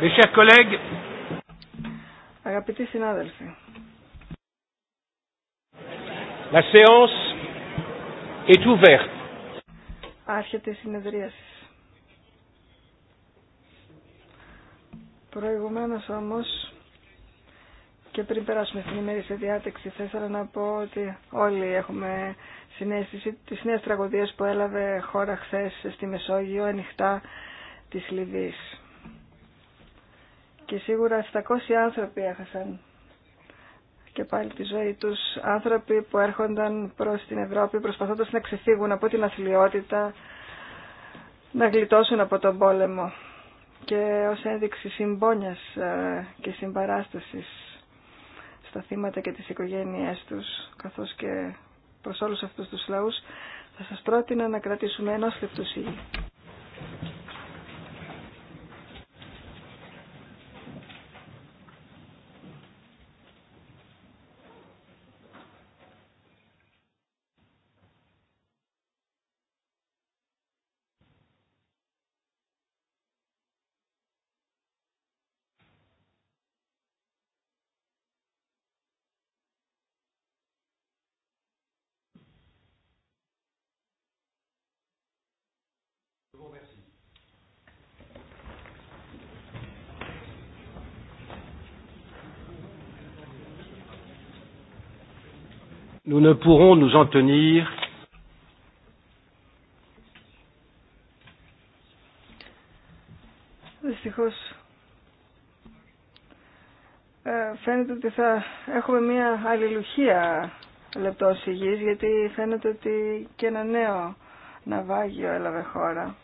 Mes chers collègues, Αγαπητοί συνάδελφοι, la séance est ouverte. Άρχεται η συνεδρίαση. Προηγουμένως όμως και πριν περάσουμε στην ημέρη σε διάταξη θα ήθελα να πω ότι όλοι έχουμε συνέστηση της νέας τραγωδίας που έλαβε χώρα χθες στη Μεσόγειο ανοιχτά της Λιβύης και σίγουρα 700 άνθρωποι έχασαν και πάλι τη ζωή τους, άνθρωποι που έρχονταν προς την Ευρώπη προσπαθώντας να ξεφύγουν από την αθλειότητα, να γλιτώσουν από τον πόλεμο και ως ένδειξη συμπόνιας ε, και συμπαράστασης στα θύματα και τις οικογένειές τους, καθώς και προς όλους αυτούς τους λαούς, θα σας πρότεινα να κρατήσουμε ενός λεπτού nous ne pourrons nous en Δυστυχώς ε, φαίνεται ότι θα έχουμε μια αλληλουχία λεπτό, υγιής γιατί φαίνεται ότι και ένα νέο ναυάγιο έλαβε χώρα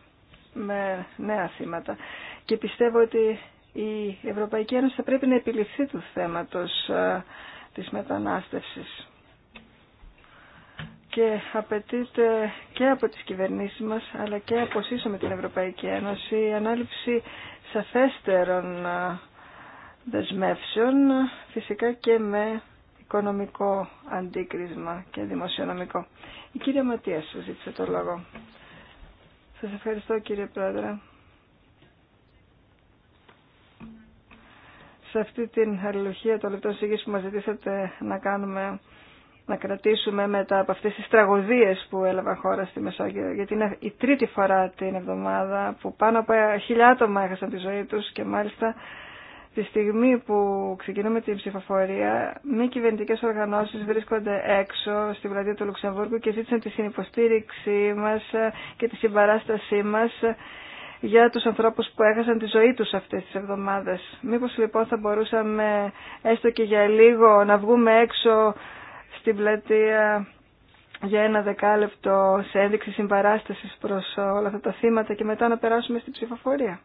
με νέα θύματα και πιστεύω ότι η Ευρωπαϊκή Ένωση θα πρέπει να επιληφθεί του θέματος ε, της μετανάστευσης και απαιτείται και από τις κυβερνήσεις μας αλλά και από σύσο την Ευρωπαϊκή Ένωση η ανάληψη σαφέστερων δεσμεύσεων φυσικά και με οικονομικό αντίκρισμα και δημοσιονομικό. Η κυρία Ματίας σας ζήτησε το λόγο. Σας ευχαριστώ κύριε Πρόεδρε. Σε αυτή την αλληλουχία των λεπτών σύγκριση που μας ζητήσατε να κάνουμε να κρατήσουμε μετά από αυτές τις τραγωδίες που έλαβαν χώρα στη Μεσόγειο. Γιατί είναι η τρίτη φορά την εβδομάδα που πάνω από χιλιά άτομα έχασαν τη ζωή τους και μάλιστα τη στιγμή που ξεκινούμε την ψηφοφορία, μη κυβερνητικέ οργανώσεις βρίσκονται έξω στην πλατεία του Λουξεμβούργου και ζήτησαν τη συνυποστήριξή μας και τη συμπαράστασή μας για τους ανθρώπους που έχασαν τη ζωή τους αυτές τις εβδομάδες. Μήπως λοιπόν θα μπορούσαμε έστω και για λίγο να βγούμε έξω στην πλατεία για ένα δεκάλεπτο σε ένδειξη συμπαράστασης προς όλα αυτά τα θύματα και μετά να περάσουμε στην ψηφοφορία.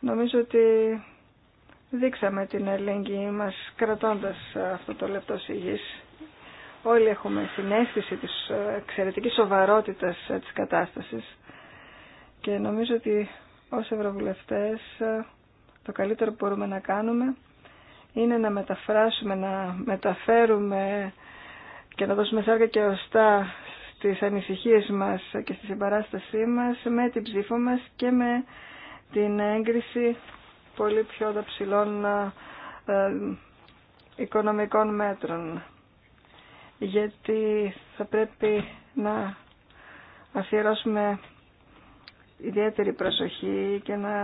Νομίζω ότι δείξαμε την ελέγγυη μας κρατώντας αυτό το λεπτό σιγής. Όλοι έχουμε συνέστηση της εξαιρετικής σοβαρότητας της κατάστασης και νομίζω ότι ως Ευρωβουλευτές το καλύτερο που μπορούμε να κάνουμε είναι να μεταφράσουμε, να μεταφέρουμε και να δώσουμε σάρκα και οστά στις ανησυχίες μας και στη συμπαράστασή μας με την ψήφο μας και με την έγκριση πολύ πιο δαψιλών ε, οικονομικών μέτρων. Γιατί θα πρέπει να αφιερώσουμε ιδιαίτερη προσοχή και να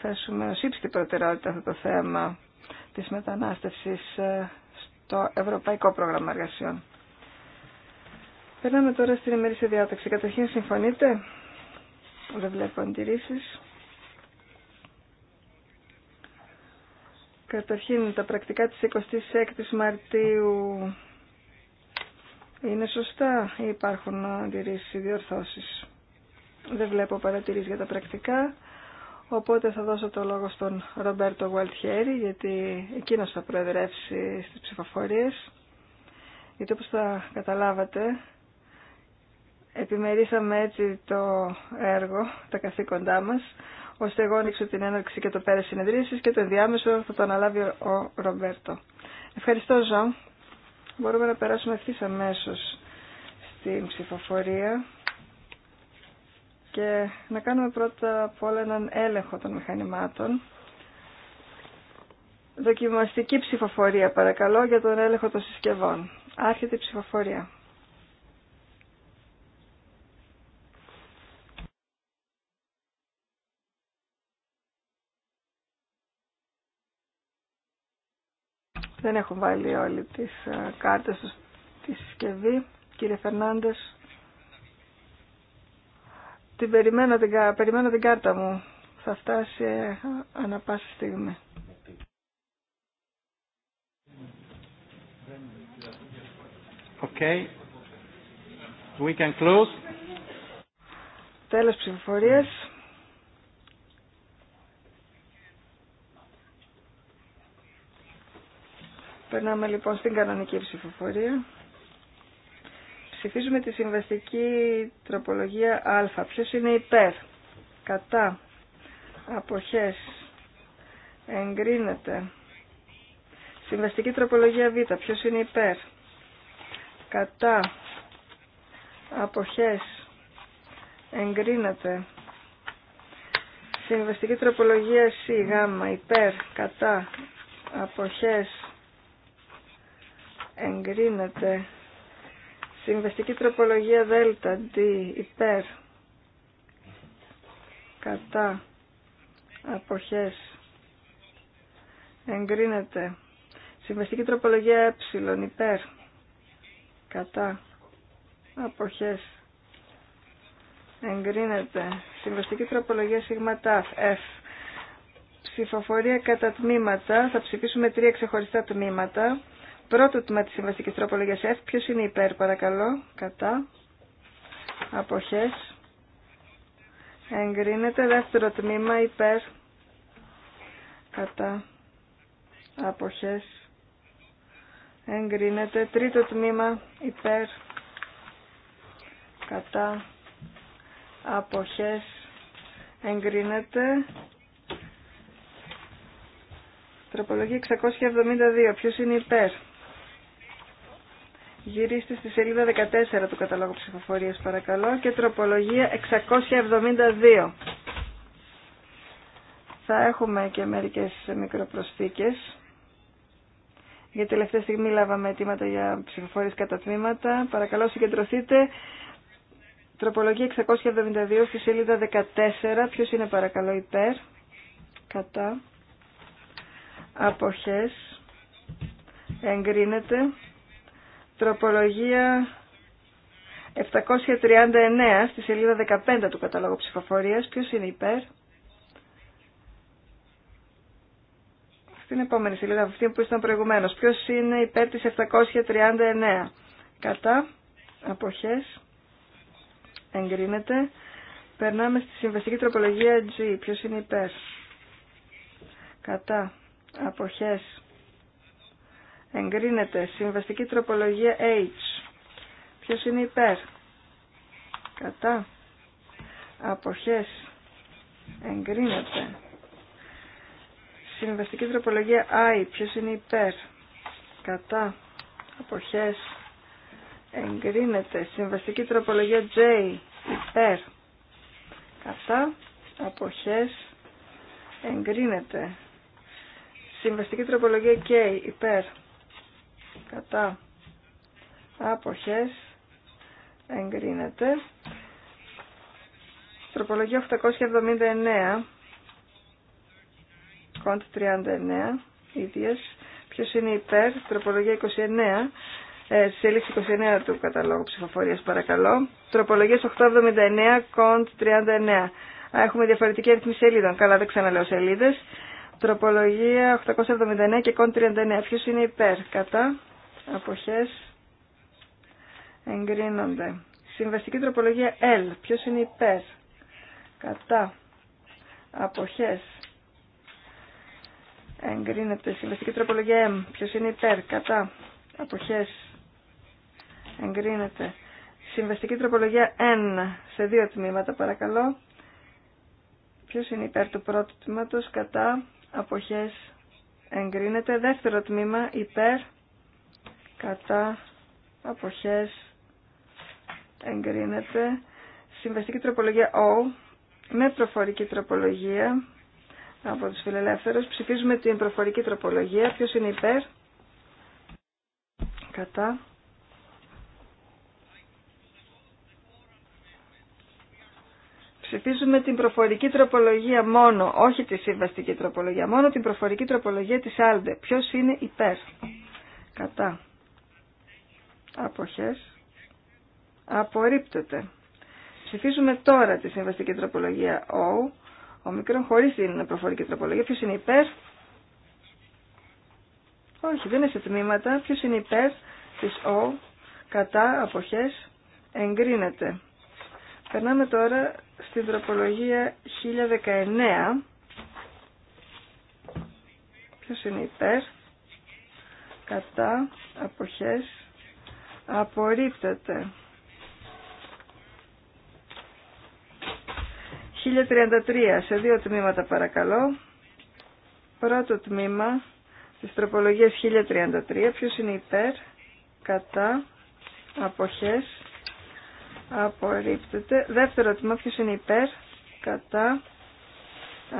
θέσουμε ως ύψη προτεραιότητα αυτό το θέμα της μετανάστευσης ε, στο Ευρωπαϊκό Πρόγραμμα Εργασιών. Περνάμε τώρα στην ημερήσια διάταξη. Καταρχήν συμφωνείτε. Δεν βλέπω αντιρρήσεις. Καταρχήν τα πρακτικά της 26ης Μαρτίου είναι σωστά ή υπάρχουν αντιρρήσεις ή διορθώσεις. Δεν βλέπω παρατηρήσεις για τα πρακτικά, οπότε θα δώσω το λόγο στον Ρομπέρτο Γουαλτιέρη, γιατί εκείνος θα προεδρεύσει στις ψηφοφορίες. Γιατί όπως θα καταλάβατε, επιμερίσαμε έτσι το έργο, τα καθήκοντά μας, ώστε εγώ ανοίξω την έναρξη και το πέρα συνεδρίασης και το διάμεσο θα το αναλάβει ο Ρομπέρτο. Ευχαριστώ, Ζω. Μπορούμε να περάσουμε ευθύ αμέσω στην ψηφοφορία και να κάνουμε πρώτα απ' όλα έναν έλεγχο των μηχανημάτων. Δοκιμαστική ψηφοφορία παρακαλώ για τον έλεγχο των συσκευών. Άρχεται η ψηφοφορία. Δεν έχουν βάλει όλοι τις ε, κάρτες τους στη συσκευή. Κύριε Φερνάντες. Την περιμένω την, κάρτα μου. Θα φτάσει ε, ανα πάσα στιγμή. Okay. We can close. Τέλος ψηφοφορίας. Περνάμε λοιπόν στην κανονική ψηφοφορία. Ψηφίζουμε τη συμβαστική τροπολογία α. Ποιος είναι υπέρ, κατά, αποχές, εγκρίνεται. Συμβαστική τροπολογία β. Ποιος είναι υπέρ, κατά, αποχές, εγκρίνεται. Συμβαστική τροπολογία σ, γ, υπέρ, κατά, αποχές, εγκρίνεται. Συμβαστική τροπολογία δέλτα, D, υπέρ, κατά, αποχές, εγκρίνεται. Συμβαστική τροπολογία ε, υπέρ, κατά, αποχές, εγκρίνεται. Συμβαστική τροπολογία Σίγματα F. Ψηφοφορία κατά τμήματα. Θα ψηφίσουμε τρία ξεχωριστά τμήματα. Πρώτο τμήμα της συμβαστικής τροπολογίας F. Ποιος είναι υπέρ παρακαλώ. Κατά. Αποχές. Εγκρίνεται. Δεύτερο τμήμα υπέρ. Κατά. Αποχές. Εγκρίνεται. Τρίτο τμήμα υπέρ. Κατά. Αποχές. Εγκρίνεται. Τροπολογία 672. Ποιος είναι υπέρ. Γυρίστε στη σελίδα 14 του καταλόγου ψηφοφορίας παρακαλώ και τροπολογία 672. Θα έχουμε και μερικές μικροπροσθήκες. Για τελευταία στιγμή λάβαμε αιτήματα για ψηφοφορίες κατά τμήματα. Παρακαλώ συγκεντρωθείτε. Τροπολογία 672 στη σελίδα 14. Ποιος είναι παρακαλώ υπέρ. Κατά. Αποχές. Εγκρίνεται. Τροπολογία 739 στη σελίδα 15 του καταλόγου ψηφοφορίας. Ποιος είναι υπέρ? Στην επόμενη σελίδα αυτή που ήταν προηγουμένως. Ποιος είναι υπέρ της 739? Κατά. Αποχές. Εγκρίνεται. Περνάμε στη συμβαστική τροπολογία G. Ποιος είναι υπέρ? Κατά. Αποχές. Εγκρίνεται. Συμβαστική τροπολογία H. Ποιος είναι υπέρ. Κατά. Αποχές. Εγκρίνεται. Συμβαστική τροπολογία I. Ποιος είναι υπέρ. Κατά. Αποχές. Εγκρίνεται. Συμβαστική τροπολογία J. Υπέρ. Κατά. Αποχές. Εγκρίνεται. Συμβαστική τροπολογία K. Υπέρ κατά άποχες εγκρίνεται. Τροπολογία 879, κοντ 39, ίδιες. Ποιος είναι υπέρ, τροπολογία 29, ε, σελίδα 29 του καταλόγου ψηφοφορίας παρακαλώ. Τροπολογίες 879, κοντ 39. Έχουμε διαφορετική αριθμή σελίδων. Καλά, δεν ξαναλέω σελίδες. Τροπολογία 879 και κοντ 39. Ποιος είναι υπέρ, κατά, αποχές εγκρίνονται. Συμβαστική τροπολογία L. Ποιος είναι υπέρ. Κατά. Αποχές. Εγκρίνεται. Συμβαστική τροπολογία M. Ποιος είναι υπέρ. Κατά. Αποχές. Εγκρίνεται. Συμβαστική τροπολογία N. Σε δύο τμήματα παρακαλώ. Ποιος είναι υπέρ του πρώτου τμήματος. Κατά. Αποχές. Εγκρίνεται. Δεύτερο τμήμα. Υπέρ κατά αποχές εγκρίνεται συμβαστική τροπολογία O με προφορική τροπολογία από τους φιλελεύθερους ψηφίζουμε την προφορική τροπολογία ποιος είναι υπέρ κατά ψηφίζουμε την προφορική τροπολογία μόνο, όχι τη συμβαστική τροπολογία, μόνο την προφορική τροπολογία της Άλντε. Ποιος είναι υπέρ. Κατά αποχές απορρίπτεται. Ψηφίζουμε τώρα τη συμβαστική τροπολογία O, ο μικρόν χωρίς την προφορική τροπολογία. Ποιος είναι υπέρ? Όχι, δεν είναι σε τμήματα. Ποιος είναι υπέρ της O, κατά, αποχές, εγκρίνεται. Περνάμε τώρα στην τροπολογία 1019. Ποιος είναι υπέρ, κατά, αποχές, Απορρίπτεται. 1033 σε δύο τμήματα παρακαλώ. Πρώτο τμήμα της τροπολογίας 1033. Ποιος είναι υπέρ, κατά, αποχές, απορρίπτεται. Δεύτερο τμήμα ποιος είναι υπέρ, κατά,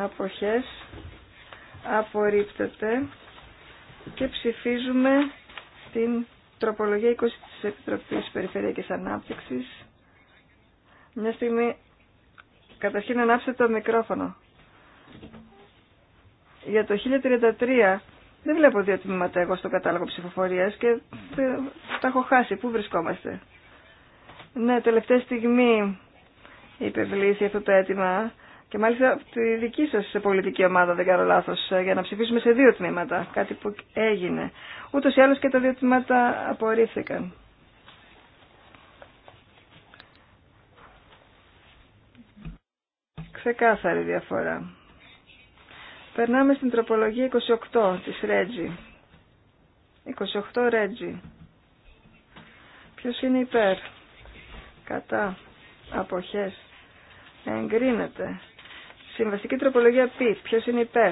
αποχές, απορρίπτεται. Και ψηφίζουμε την τροπολογία της Επιτροπής Περιφερειακής Ανάπτυξης. Μια στιγμή, καταρχήν ανάψτε το μικρόφωνο. Για το 1033 δεν βλέπω δύο τμήματα εγώ στο κατάλογο ψηφοφορίας και τα έχω χάσει. Πού βρισκόμαστε. Ναι, τελευταία στιγμή υπευλήθη αυτό το αίτημα και μάλιστα τη δική σας πολιτική ομάδα, δεν κάνω λάθος, για να ψηφίσουμε σε δύο τμήματα, κάτι που έγινε. Ούτως ή άλλως και τα δύο τμήματα απορρίφθηκαν. Ξεκάθαρη διαφορά. Περνάμε στην τροπολογία 28 της Ρέτζη. 28 Ρέτζη. Ποιος είναι υπέρ. Κατά. Αποχές. Εγκρίνεται. Συμβαστική τροπολογία π. Ποιος είναι υπέρ.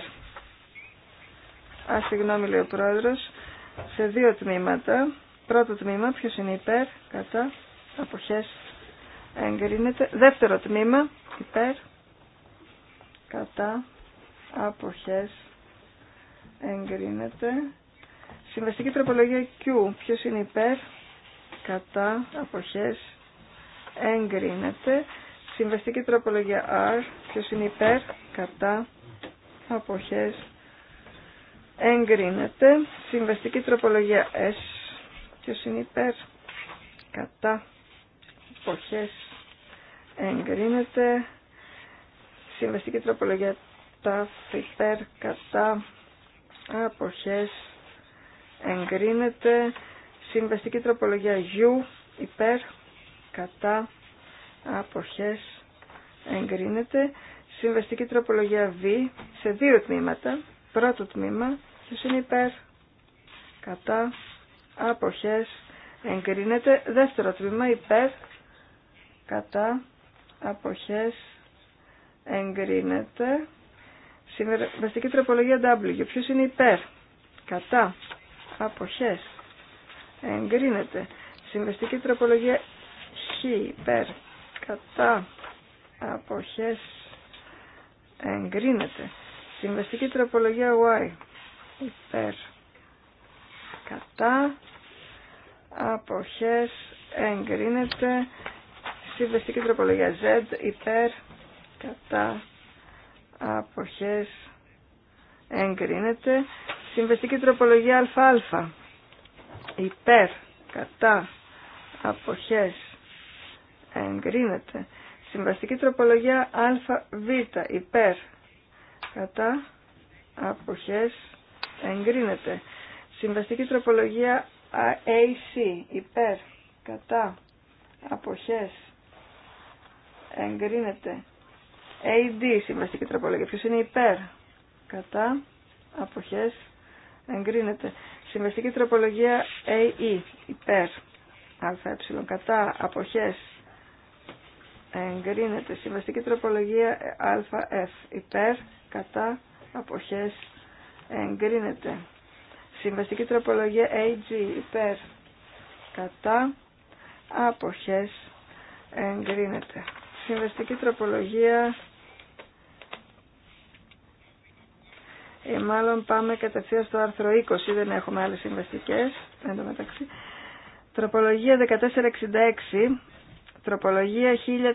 Α, συγγνώμη λέει ο πρόεδρος. Σε δύο τμήματα. Πρώτο τμήμα. Ποιος είναι υπέρ. Κατά. Αποχές. Εγκρίνεται. Δεύτερο τμήμα. Υπέρ κατά αποχές εγκρίνεται. Συμβαστική τροπολογία Q. Ποιος είναι υπέρ, κατά αποχές εγκρίνεται. Συμβαστική τροπολογία R. Ποιος είναι υπέρ, κατά αποχές εγκρίνεται. Συμβαστική τροπολογία S. Ποιος είναι υπέρ, κατά αποχές εγκρίνεται. Συμβαστική τροπολογία τα φυπέρ κατά αποχές εγκρίνεται. Συμβαστική τροπολογία ιού υπέρ κατά αποχές εγκρίνεται. Συμβαστική τροπολογία Β σε δύο τμήματα. Πρώτο τμήμα, το είναι υπέρ, κατά, αποχές, εγκρίνεται. Δεύτερο τμήμα, υπέρ, κατά, αποχές, εγκρίνεται. Συμβαστική τροπολογία W. Ποιος είναι υπέρ. Κατά. Αποχές. Εγκρίνεται. Συμβαστική τροπολογία Χ. Υπέρ. Κατά. Αποχές. Εγκρίνεται. Συμβαστική τροπολογία Y. Υπέρ. Κατά. Αποχές. Εγκρίνεται. Συμβαστική τροπολογία Z. Υπέρ κατά αποχές εγκρίνεται. Συμβεστική τροπολογία ΑΑ. Υπέρ, κατά, αποχές, εγκρίνεται. Συμβαστική τροπολογία ΑΒ. Υπέρ, κατά, αποχές, εγκρίνεται. Συμβαστική τροπολογία AC. Υπέρ, κατά, αποχές, εγκρίνεται. AD ε, συμβαστική τροπολογία. Ποιο είναι υπέρ. Κατά. Αποχές. Εγκρίνεται. Συμβαστική τροπολογία AE. Υπέρ. ΑΕ. Κατά. Αποχές. Εγκρίνεται. Συμβαστική τροπολογία ΑΕ. Υπέρ. Κατά. Αποχές. Εγκρίνεται. Συμβαστική τροπολογία AG. Υπέρ. Κατά. Αποχές. Εγκρίνεται. Συμβαστική τροπολογία Ε, μάλλον πάμε κατευθείαν στο άρθρο 20, δεν έχουμε άλλες συμβαστικέ. Τροπολογία 1466, τροπολογία 1466,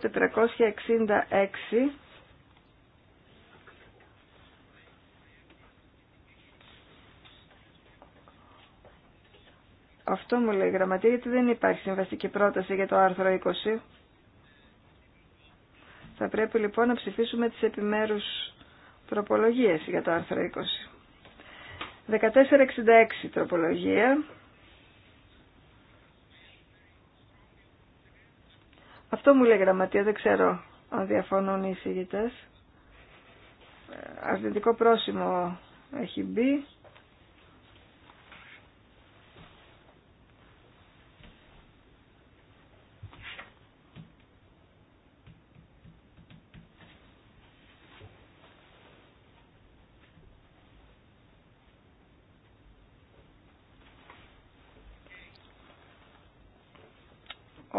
Αυτό μου λέει η γραμματή γιατί δεν υπάρχει συμβαστική πρόταση για το άρθρο 20. Θα πρέπει λοιπόν να ψηφίσουμε τις επιμέρους τροπολογίες για το άρθρο 20. 1466 τροπολογία. Αυτό μου λέει γραμματεία, δεν ξέρω αν διαφωνούν οι εισηγητές. Ε, αρνητικό πρόσημο έχει μπει.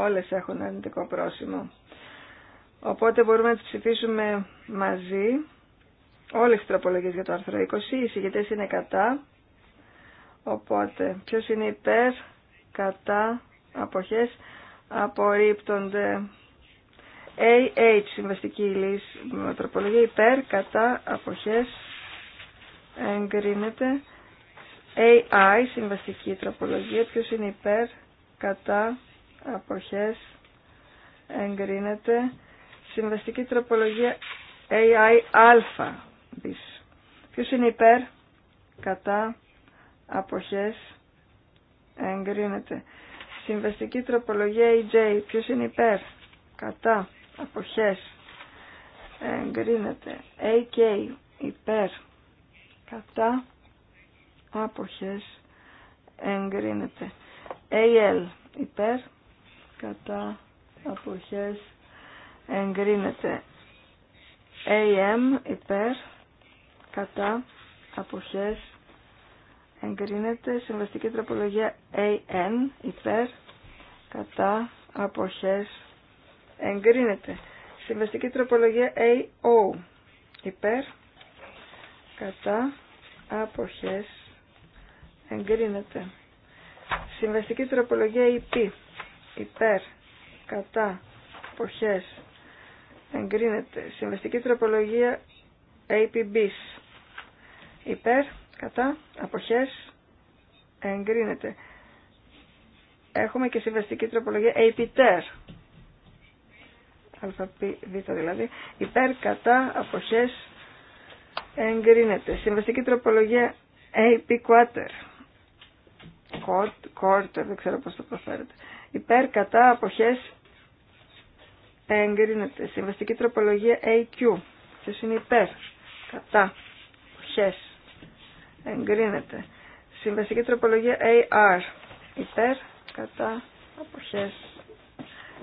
Όλες έχουν αρνητικό πρόσημο. Οπότε μπορούμε να τις ψηφίσουμε μαζί. Όλες τις τροπολογίες για το άρθρο 20. Οι συγκεκριτές είναι κατά. Οπότε ποιος είναι υπέρ, κατά, αποχές απορρίπτονται. AH, συμβαστική λύση, τροπολογία υπέρ, κατά, αποχές, εγκρίνεται. AI, συμβαστική τροπολογία, ποιος είναι υπέρ, κατά, αποχές εγκρίνεται συμβαστική τροπολογία AI α Ποιος είναι υπέρ, κατά, αποχές, εγκρίνεται. Συμβαστική τροπολογία AJ. ποιος είναι υπέρ, κατά, αποχές, εγκρίνεται. AK, υπέρ, κατά, αποχές, εγκρίνεται. AL, υπέρ, κατά αποχές εγκρίνεται AM ε υπέρ κατά αποχές εγκρίνεται συμβαστική τροπολογία AN ε υπέρ κατά αποχές εγκρίνεται συμβαστική τροπολογία AO ε υπέρ κατά αποχές εγκρίνεται συμβαστική τροπολογία IP υπέρ, κατά, ποχές, εγκρίνεται. Συμβαστική τροπολογία APBs, υπέρ, κατά, αποχές, εγκρίνεται. Έχουμε και συμβαστική τροπολογία APTER, ΑΠΒ δηλαδή, υπέρ, κατά, αποχές, εγκρίνεται. Συμβαστική τροπολογία AP Quarter, δεν ξέρω πώς το προφέρετε υπέρ κατά αποχές εγκρίνεται. Συμβαστική τροπολογία AQ. Ποιο είναι υπέρ κατά αποχές εγκρίνεται. Συμβαστική τροπολογία AR. Υπέρ κατά αποχές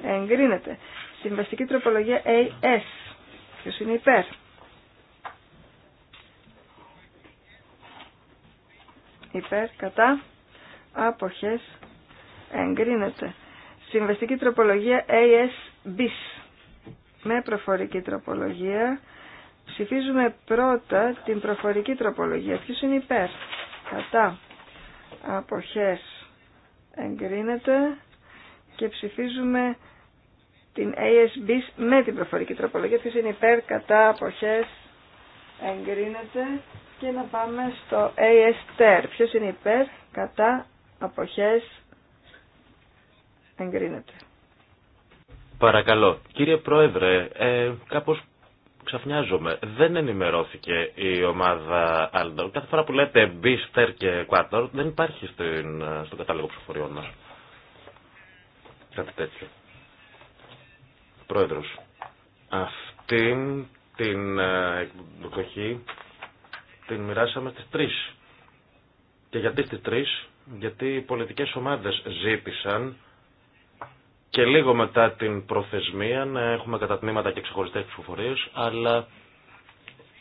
εγκρίνεται. Συμβαστική τροπολογία AS. Ποιο είναι υπέρ. Υπέρ κατά αποχές Εγκρίνεται. Συμβαστική τροπολογία ASBIS. Με προφορική τροπολογία. Ψηφίζουμε πρώτα την προφορική τροπολογία. Ποιος είναι υπέρ. Κατά. Αποχές. Εγκρίνεται. Και ψηφίζουμε την ASB με την προφορική τροπολογία. Ποιος είναι υπέρ. Κατά. Αποχές. Εγκρίνεται. Και να πάμε στο ASTER. Ποιος είναι υπέρ. Κατά. Αποχές Εγκρίνεται. Παρακαλώ. Κύριε Πρόεδρε, ε, κάπως ξαφνιάζομαι. Δεν ενημερώθηκε η ομάδα Άλντορ. Κάθε φορά που λέτε Μπίστερ και Κουάτορ δεν υπάρχει στην, στο κατάλογο ψηφοριών μας. Κάτι τέτοιο. Πρόεδρος. Αυτήν την ε, εκδοχή την μοιράσαμε στις τρεις. Και γιατί στις τρεις. Γιατί οι πολιτικές ομάδες ζήτησαν και λίγο μετά την προθεσμία να έχουμε κατατμήματα και ξεχωριστέ ψηφοφορίε, αλλά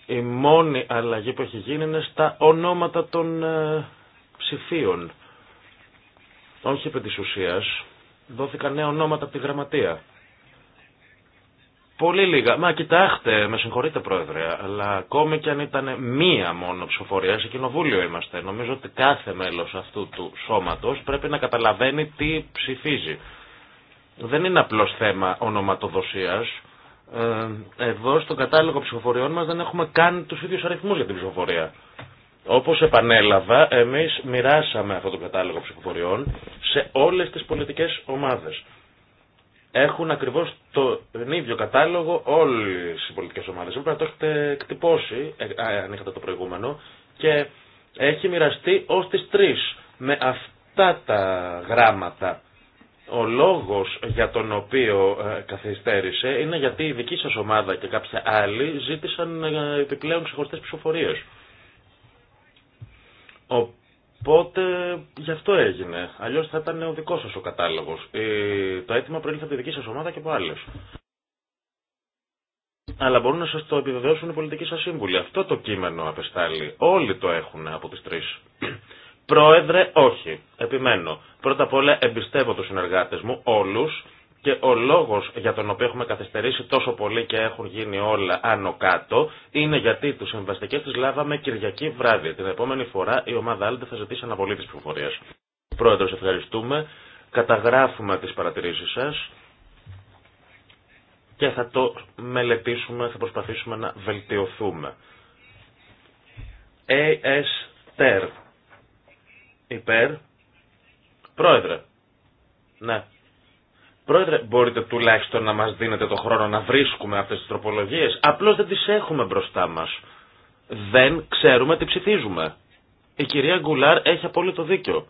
η μόνη αλλαγή που έχει γίνει είναι στα ονόματα των ε, ψηφίων. Όχι επί της ουσίας, δόθηκαν νέα ονόματα από τη γραμματεία. Πολύ λίγα. Μα κοιτάξτε, με συγχωρείτε πρόεδρε, αλλά ακόμη και αν ήταν μία μόνο ψηφοφορία, σε κοινοβούλιο είμαστε. Νομίζω ότι κάθε μέλος αυτού του σώματος πρέπει να καταλαβαίνει τι ψηφίζει δεν είναι απλώς θέμα ονοματοδοσίας. Ε, εδώ στο κατάλογο ψηφοφοριών μας δεν έχουμε καν τους ίδιους αριθμούς για την ψηφοφορία. Όπως επανέλαβα, εμείς μοιράσαμε αυτό το κατάλογο ψηφοφοριών σε όλες τις πολιτικές ομάδες. Έχουν ακριβώς τον ίδιο κατάλογο όλες οι πολιτικές ομάδες. Πρέπει να το έχετε εκτυπώσει, ε, αν είχατε το προηγούμενο, και έχει μοιραστεί ως τις τρεις με αυτά τα γράμματα ο λόγος για τον οποίο ε, καθυστέρησε είναι γιατί η δική σας ομάδα και κάποια άλλη ζήτησαν ε, επιπλέον ξεχωριστές ψηφοφορίες. Οπότε γι' αυτό έγινε. Αλλιώς θα ήταν ο δικός σας ο κατάλογος. Το αίτημα προήλθε από τη δική σας ομάδα και από άλλες. Αλλά μπορούν να σας το επιβεβαιώσουν οι πολιτικοί σας σύμβουλοι. Αυτό το κείμενο απεστάλλει. Όλοι το έχουν από τις τρεις. Πρόεδρε, όχι. Επιμένω. Πρώτα απ' όλα εμπιστεύω τους συνεργάτες μου, όλους, και ο λόγος για τον οποίο έχουμε καθυστερήσει τόσο πολύ και έχουν γίνει όλα άνω κάτω είναι γιατί τους συμβαστικές τις λάβαμε Κυριακή βράδυ. Την επόμενη φορά η ομάδα Άλντε θα ζητήσει αναβολή της πληροφορία. Πρόεδρο ευχαριστούμε. Καταγράφουμε τις παρατηρήσεις σας και θα το μελετήσουμε, θα προσπαθήσουμε να βελτιωθούμε. AS ε, Υπέρ. Πρόεδρε. Ναι. Πρόεδρε, μπορείτε τουλάχιστον να μας δίνετε το χρόνο να βρίσκουμε αυτές τις τροπολογίες. Απλώς δεν τις έχουμε μπροστά μας. Δεν ξέρουμε τι ψηφίζουμε. Η κυρία Γκουλάρ έχει απόλυτο δίκιο.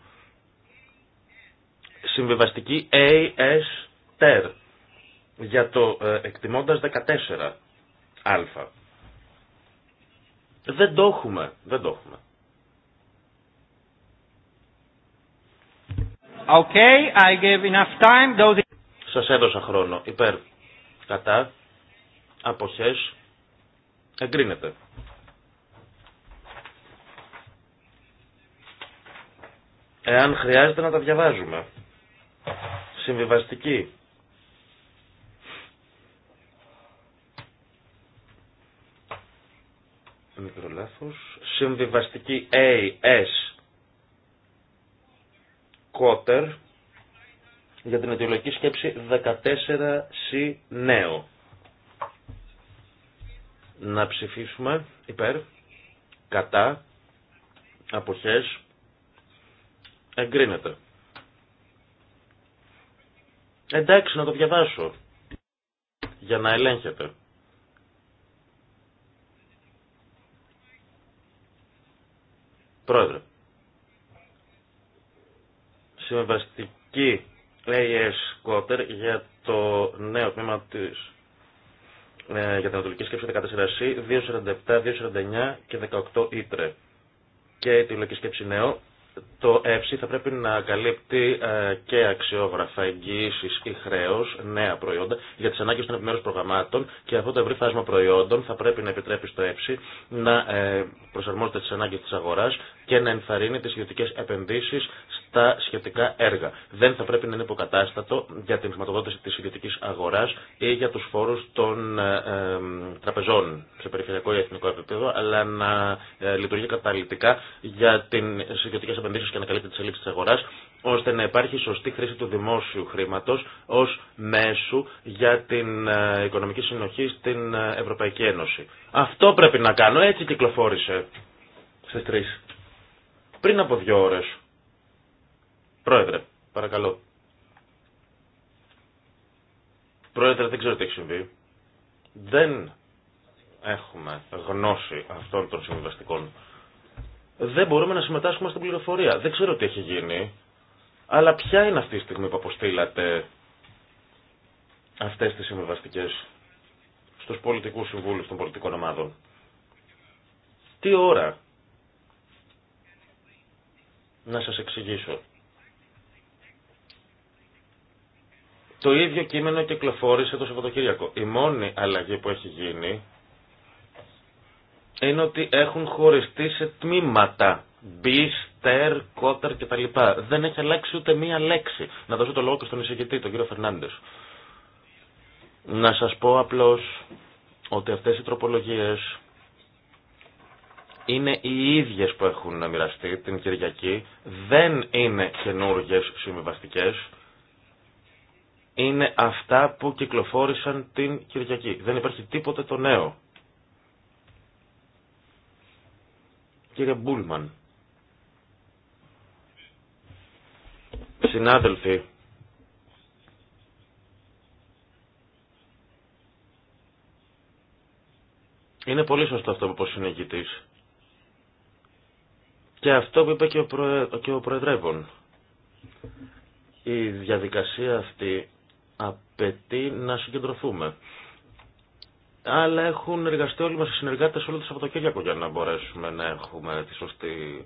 Συμβιβαστική AS e για το ε, εκτιμώντας 14 α. Δεν το έχουμε, δεν το έχουμε. Okay, I enough time. Σας έδωσα χρόνο. Υπέρ. Κατά. σες. Εγκρίνεται. Εάν χρειάζεται να τα διαβάζουμε. Συμβιβαστική. Μικρολάθος. Συμβιβαστική A, S, Κότερ για την αιτιολογική σκέψη 14C νέο. Να ψηφίσουμε υπέρ, κατά, αποχές, εγκρίνεται. Εντάξει, να το διαβάσω, για να ελέγχετε. Πρόεδρε συμβαστική AES Quarter για το νέο τμήμα της ε, για την Ανατολική Σκέψη 14C, 247, 249 και 18 Ήτρε. Και η Ανατολική Σκέψη Νέο, το ΕΨΙ θα πρέπει να καλύπτει ε, και αξιόγραφα εγγυήσει ή χρέο, νέα προϊόντα, για τι ανάγκε των επιμέρου προγραμμάτων και αυτό το ευρύ φάσμα προϊόντων θα πρέπει να επιτρέπει στο ΕΨΙ να ε, προσαρμόζεται στι ανάγκε τη αγορά και να ενθαρρύνει τι ιδιωτικέ επενδύσει τα σχετικά έργα. Δεν θα πρέπει να είναι υποκατάστατο για την χρηματοδότηση της ιδιωτική αγοράς ή για τους φόρους των ε, ε, τραπεζών σε περιφερειακό ή εθνικό επίπεδο, αλλά να ε, λειτουργεί καταλητικά για τις ιδιωτικές επενδύσεις και να καλύπτει τις ελλείψει της αγοράς, ώστε να υπάρχει σωστή χρήση του δημόσιου χρήματος ως μέσου για την οικονομική συνοχή στην Ευρωπαϊκή Ένωση. Αυτό πρέπει να κάνω, έτσι κυκλοφόρησε στις τρει. Πριν από δύο ώρες. Πρόεδρε, παρακαλώ. Πρόεδρε, δεν ξέρω τι έχει συμβεί. Δεν έχουμε γνώση αυτών των συμβιβαστικών. Δεν μπορούμε να συμμετάσχουμε στην πληροφορία. Δεν ξέρω τι έχει γίνει. Αλλά ποια είναι αυτή η στιγμή που αποστήλατε αυτές τις συμβιβαστικέ στους πολιτικούς συμβούλους των πολιτικών ομάδων. Τι ώρα να σας εξηγήσω. Το ίδιο κείμενο κυκλοφόρησε το Σαββατοκύριακο. Η μόνη αλλαγή που έχει γίνει είναι ότι έχουν χωριστεί σε τμήματα. Μπις, τέρ, κότερ κτλ. Δεν έχει αλλάξει ούτε μία λέξη. Να δώσω το λόγο και στον εισηγητή, τον κύριο Φερνάντε. Να σας πω απλώς ότι αυτές οι τροπολογίες είναι οι ίδιες που έχουν μοιραστεί την Κυριακή. Δεν είναι καινούργιες συμβιβαστικές είναι αυτά που κυκλοφόρησαν την Κυριακή. Δεν υπάρχει τίποτε το νέο. Κύριε Μπούλμαν. Συνάδελφοι, είναι πολύ σωστό αυτό που είπε ο Και αυτό που είπε και ο, και ο Προεδρεύων. Η διαδικασία αυτή απαιτεί να συγκεντρωθούμε. Αλλά έχουν εργαστεί όλοι μας οι συνεργάτες από το Σαββατοκύριακο για να μπορέσουμε να έχουμε τη σωστή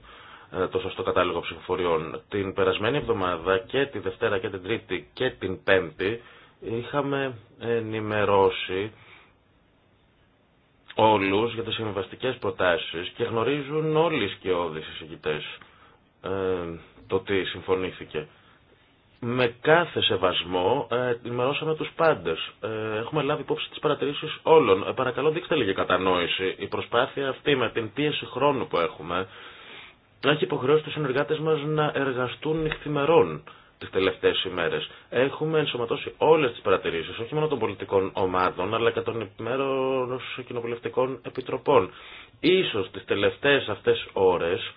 ε, το σωστό κατάλογο ψηφοφοριών. Την περασμένη εβδομάδα και τη Δευτέρα και την Τρίτη και την Πέμπτη είχαμε ενημερώσει όλους για τις συμβαστικές προτάσεις και γνωρίζουν όλοι οι σκιώδεις εισηγητές ε, το τι συμφωνήθηκε με κάθε σεβασμό ε, ενημερώσαμε τους πάντες. Ε, έχουμε λάβει υπόψη τις παρατηρήσεις όλων. Ε, παρακαλώ δείξτε λίγη κατανόηση. Η προσπάθεια αυτή με την πίεση χρόνου που έχουμε έχει υποχρεώσει τους συνεργάτες μας να εργαστούν νυχθημερών τις τελευταίες ημέρες. Έχουμε ενσωματώσει όλες τις παρατηρήσεις, όχι μόνο των πολιτικών ομάδων, αλλά και των επιμέρων κοινοβουλευτικών επιτροπών. Ίσως τις τελευταίες αυτές ώρες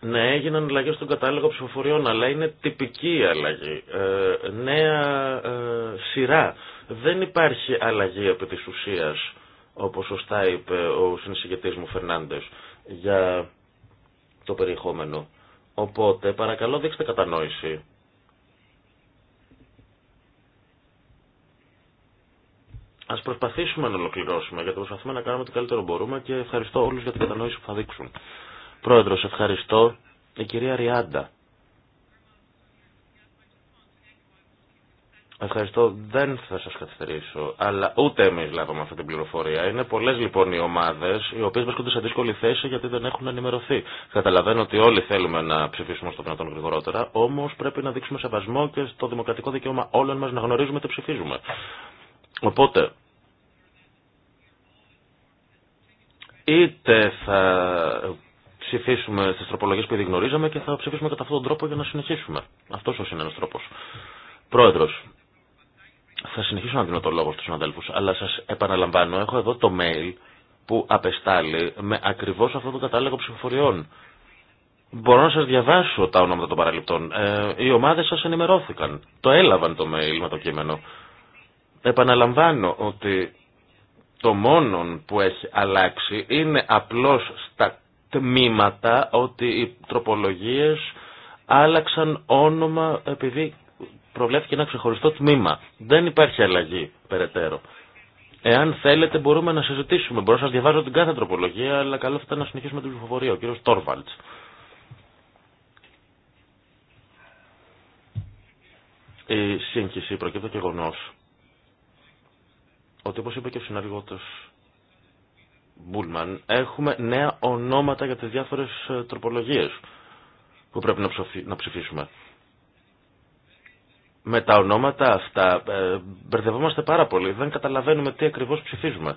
ναι, έγιναν αλλαγέ στον κατάλογο ψηφοφοριών, αλλά είναι τυπική αλλαγή. Ε, νέα ε, σειρά. Δεν υπάρχει αλλαγή επί τη ουσία, όπω σωστά είπε ο συνσηγητή μου Φερνάντε, για το περιεχόμενο. Οπότε, παρακαλώ, δείξτε κατανόηση. Α προσπαθήσουμε να ολοκληρώσουμε, γιατί προσπαθούμε να κάνουμε το καλύτερο μπορούμε και ευχαριστώ όλου για την κατανόηση που θα δείξουν. Πρόεδρος, ευχαριστώ. Η κυρία Ριάντα. Ευχαριστώ. Δεν θα σας καθυστερήσω, αλλά ούτε εμείς λάβαμε αυτή την πληροφορία. Είναι πολλές λοιπόν οι ομάδες οι οποίες βρίσκονται σε δύσκολη θέση γιατί δεν έχουν ενημερωθεί. Καταλαβαίνω ότι όλοι θέλουμε να ψηφίσουμε στο δυνατόν γρηγορότερα, όμως πρέπει να δείξουμε σεβασμό και στο δημοκρατικό δικαίωμα όλων μας να γνωρίζουμε τι ψηφίζουμε. Οπότε, είτε θα ψηφίσουμε στι τροπολογίε που ήδη γνωρίζαμε και θα ψηφίσουμε κατά αυτόν τον τρόπο για να συνεχίσουμε. Αυτός είναι ο τρόπο. Πρόεδρος, θα συνεχίσω να δίνω το λόγο στου συναδέλφου, αλλά σα επαναλαμβάνω, έχω εδώ το mail που απεστάλλει με ακριβώ αυτό το κατάλογο ψηφοφοριών. Μπορώ να σα διαβάσω τα ονόματα των παραληπτών. Ε, οι ομάδε σα ενημερώθηκαν. Το έλαβαν το mail με το κείμενο. Επαναλαμβάνω ότι το μόνο που έχει αλλάξει είναι απλώς στα τμήματα ότι οι τροπολογίες άλλαξαν όνομα επειδή προβλέφθηκε ένα ξεχωριστό τμήμα. Δεν υπάρχει αλλαγή περαιτέρω. Εάν θέλετε μπορούμε να συζητήσουμε. Μπορώ να σας διαβάζω την κάθε τροπολογία, αλλά καλό θα ήταν να συνεχίσουμε την πληροφορία. Ο κύριος Τόρβαλτς. Η σύγχυση προκύπτει και γεγονό ότι όπως είπε και ο συναργότος Μπούλμαν, έχουμε νέα ονόματα για τις διάφορες ε, τροπολογίες που πρέπει να ψηφίσουμε. Με τα ονόματα αυτά ε, μπερδευόμαστε πάρα πολύ. Δεν καταλαβαίνουμε τι ακριβώς ψηφίζουμε.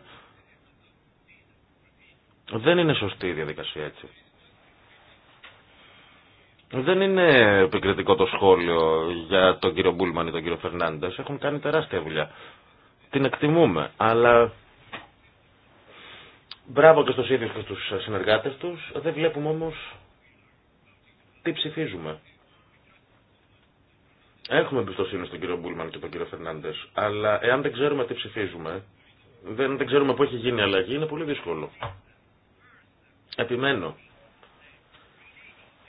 Δεν είναι σωστή η διαδικασία έτσι. Δεν είναι επικριτικό το σχόλιο για τον κύριο Μπούλμαν ή τον κύριο Φερνάντες. Έχουν κάνει τεράστια δουλειά. Την εκτιμούμε, αλλά Μπράβο και στους ίδιους και στους συνεργάτες τους. Δεν βλέπουμε όμως τι ψηφίζουμε. Έχουμε εμπιστοσύνη στον κύριο Μπούλμαν και τον κύριο Φερνάντε. Αλλά εάν δεν ξέρουμε τι ψηφίζουμε, δεν, δεν ξέρουμε πού έχει γίνει η αλλαγή, είναι πολύ δύσκολο. Επιμένω.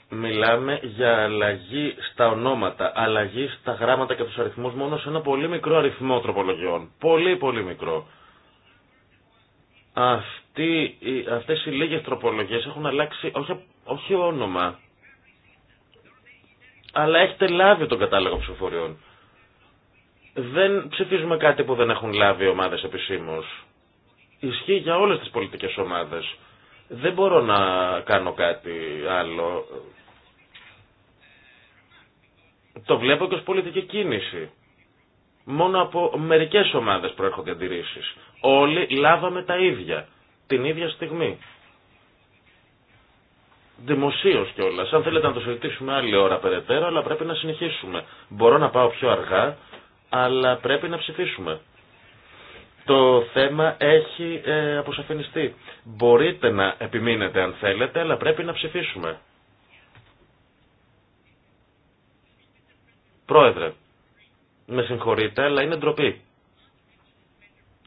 Μιλάμε για αλλαγή στα ονόματα, αλλαγή στα γράμματα και του αριθμού μόνο σε ένα πολύ μικρό αριθμό τροπολογιών. Πολύ, πολύ μικρό. Αυτοί, αυτές οι λίγες τροπολογίες έχουν αλλάξει όχι, όχι όνομα, αλλά έχετε λάβει τον κατάλογο ψηφοφοριών. Δεν ψηφίζουμε κάτι που δεν έχουν λάβει οι ομάδες επισήμως. Ισχύει για όλες τις πολιτικές ομάδες. Δεν μπορώ να κάνω κάτι άλλο. Το βλέπω και ως πολιτική κίνηση. Μόνο από μερικές ομάδες προέρχονται αντιρρήσεις. Όλοι λάβαμε τα ίδια, την ίδια στιγμή. Δημοσίω κιόλα. Αν θέλετε να το συζητήσουμε άλλη ώρα περαιτέρω, αλλά πρέπει να συνεχίσουμε. Μπορώ να πάω πιο αργά, αλλά πρέπει να ψηφίσουμε. Το θέμα έχει ε, αποσαφινιστεί. Μπορείτε να επιμείνετε αν θέλετε, αλλά πρέπει να ψηφίσουμε. Πρόεδρε, με συγχωρείτε, αλλά είναι ντροπή.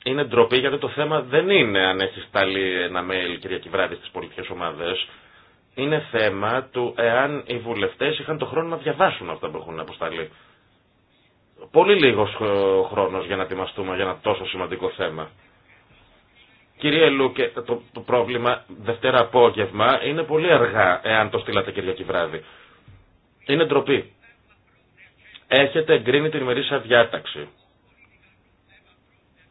Είναι ντροπή γιατί το θέμα δεν είναι αν έχει στάλει ένα mail Κυριακή βράδυ στι πολιτικέ ομάδε. Είναι θέμα του εάν οι βουλευτέ είχαν το χρόνο να διαβάσουν αυτά που έχουν αποσταλεί. Πολύ λίγο χρόνο για να ετοιμαστούμε για ένα τόσο σημαντικό θέμα. Κύριε Λούκε, το, το πρόβλημα Δευτέρα απόγευμα είναι πολύ αργά εάν το στείλατε Κυριακή βράδυ. Είναι ντροπή έχετε εγκρίνει την ημερήσια διάταξη.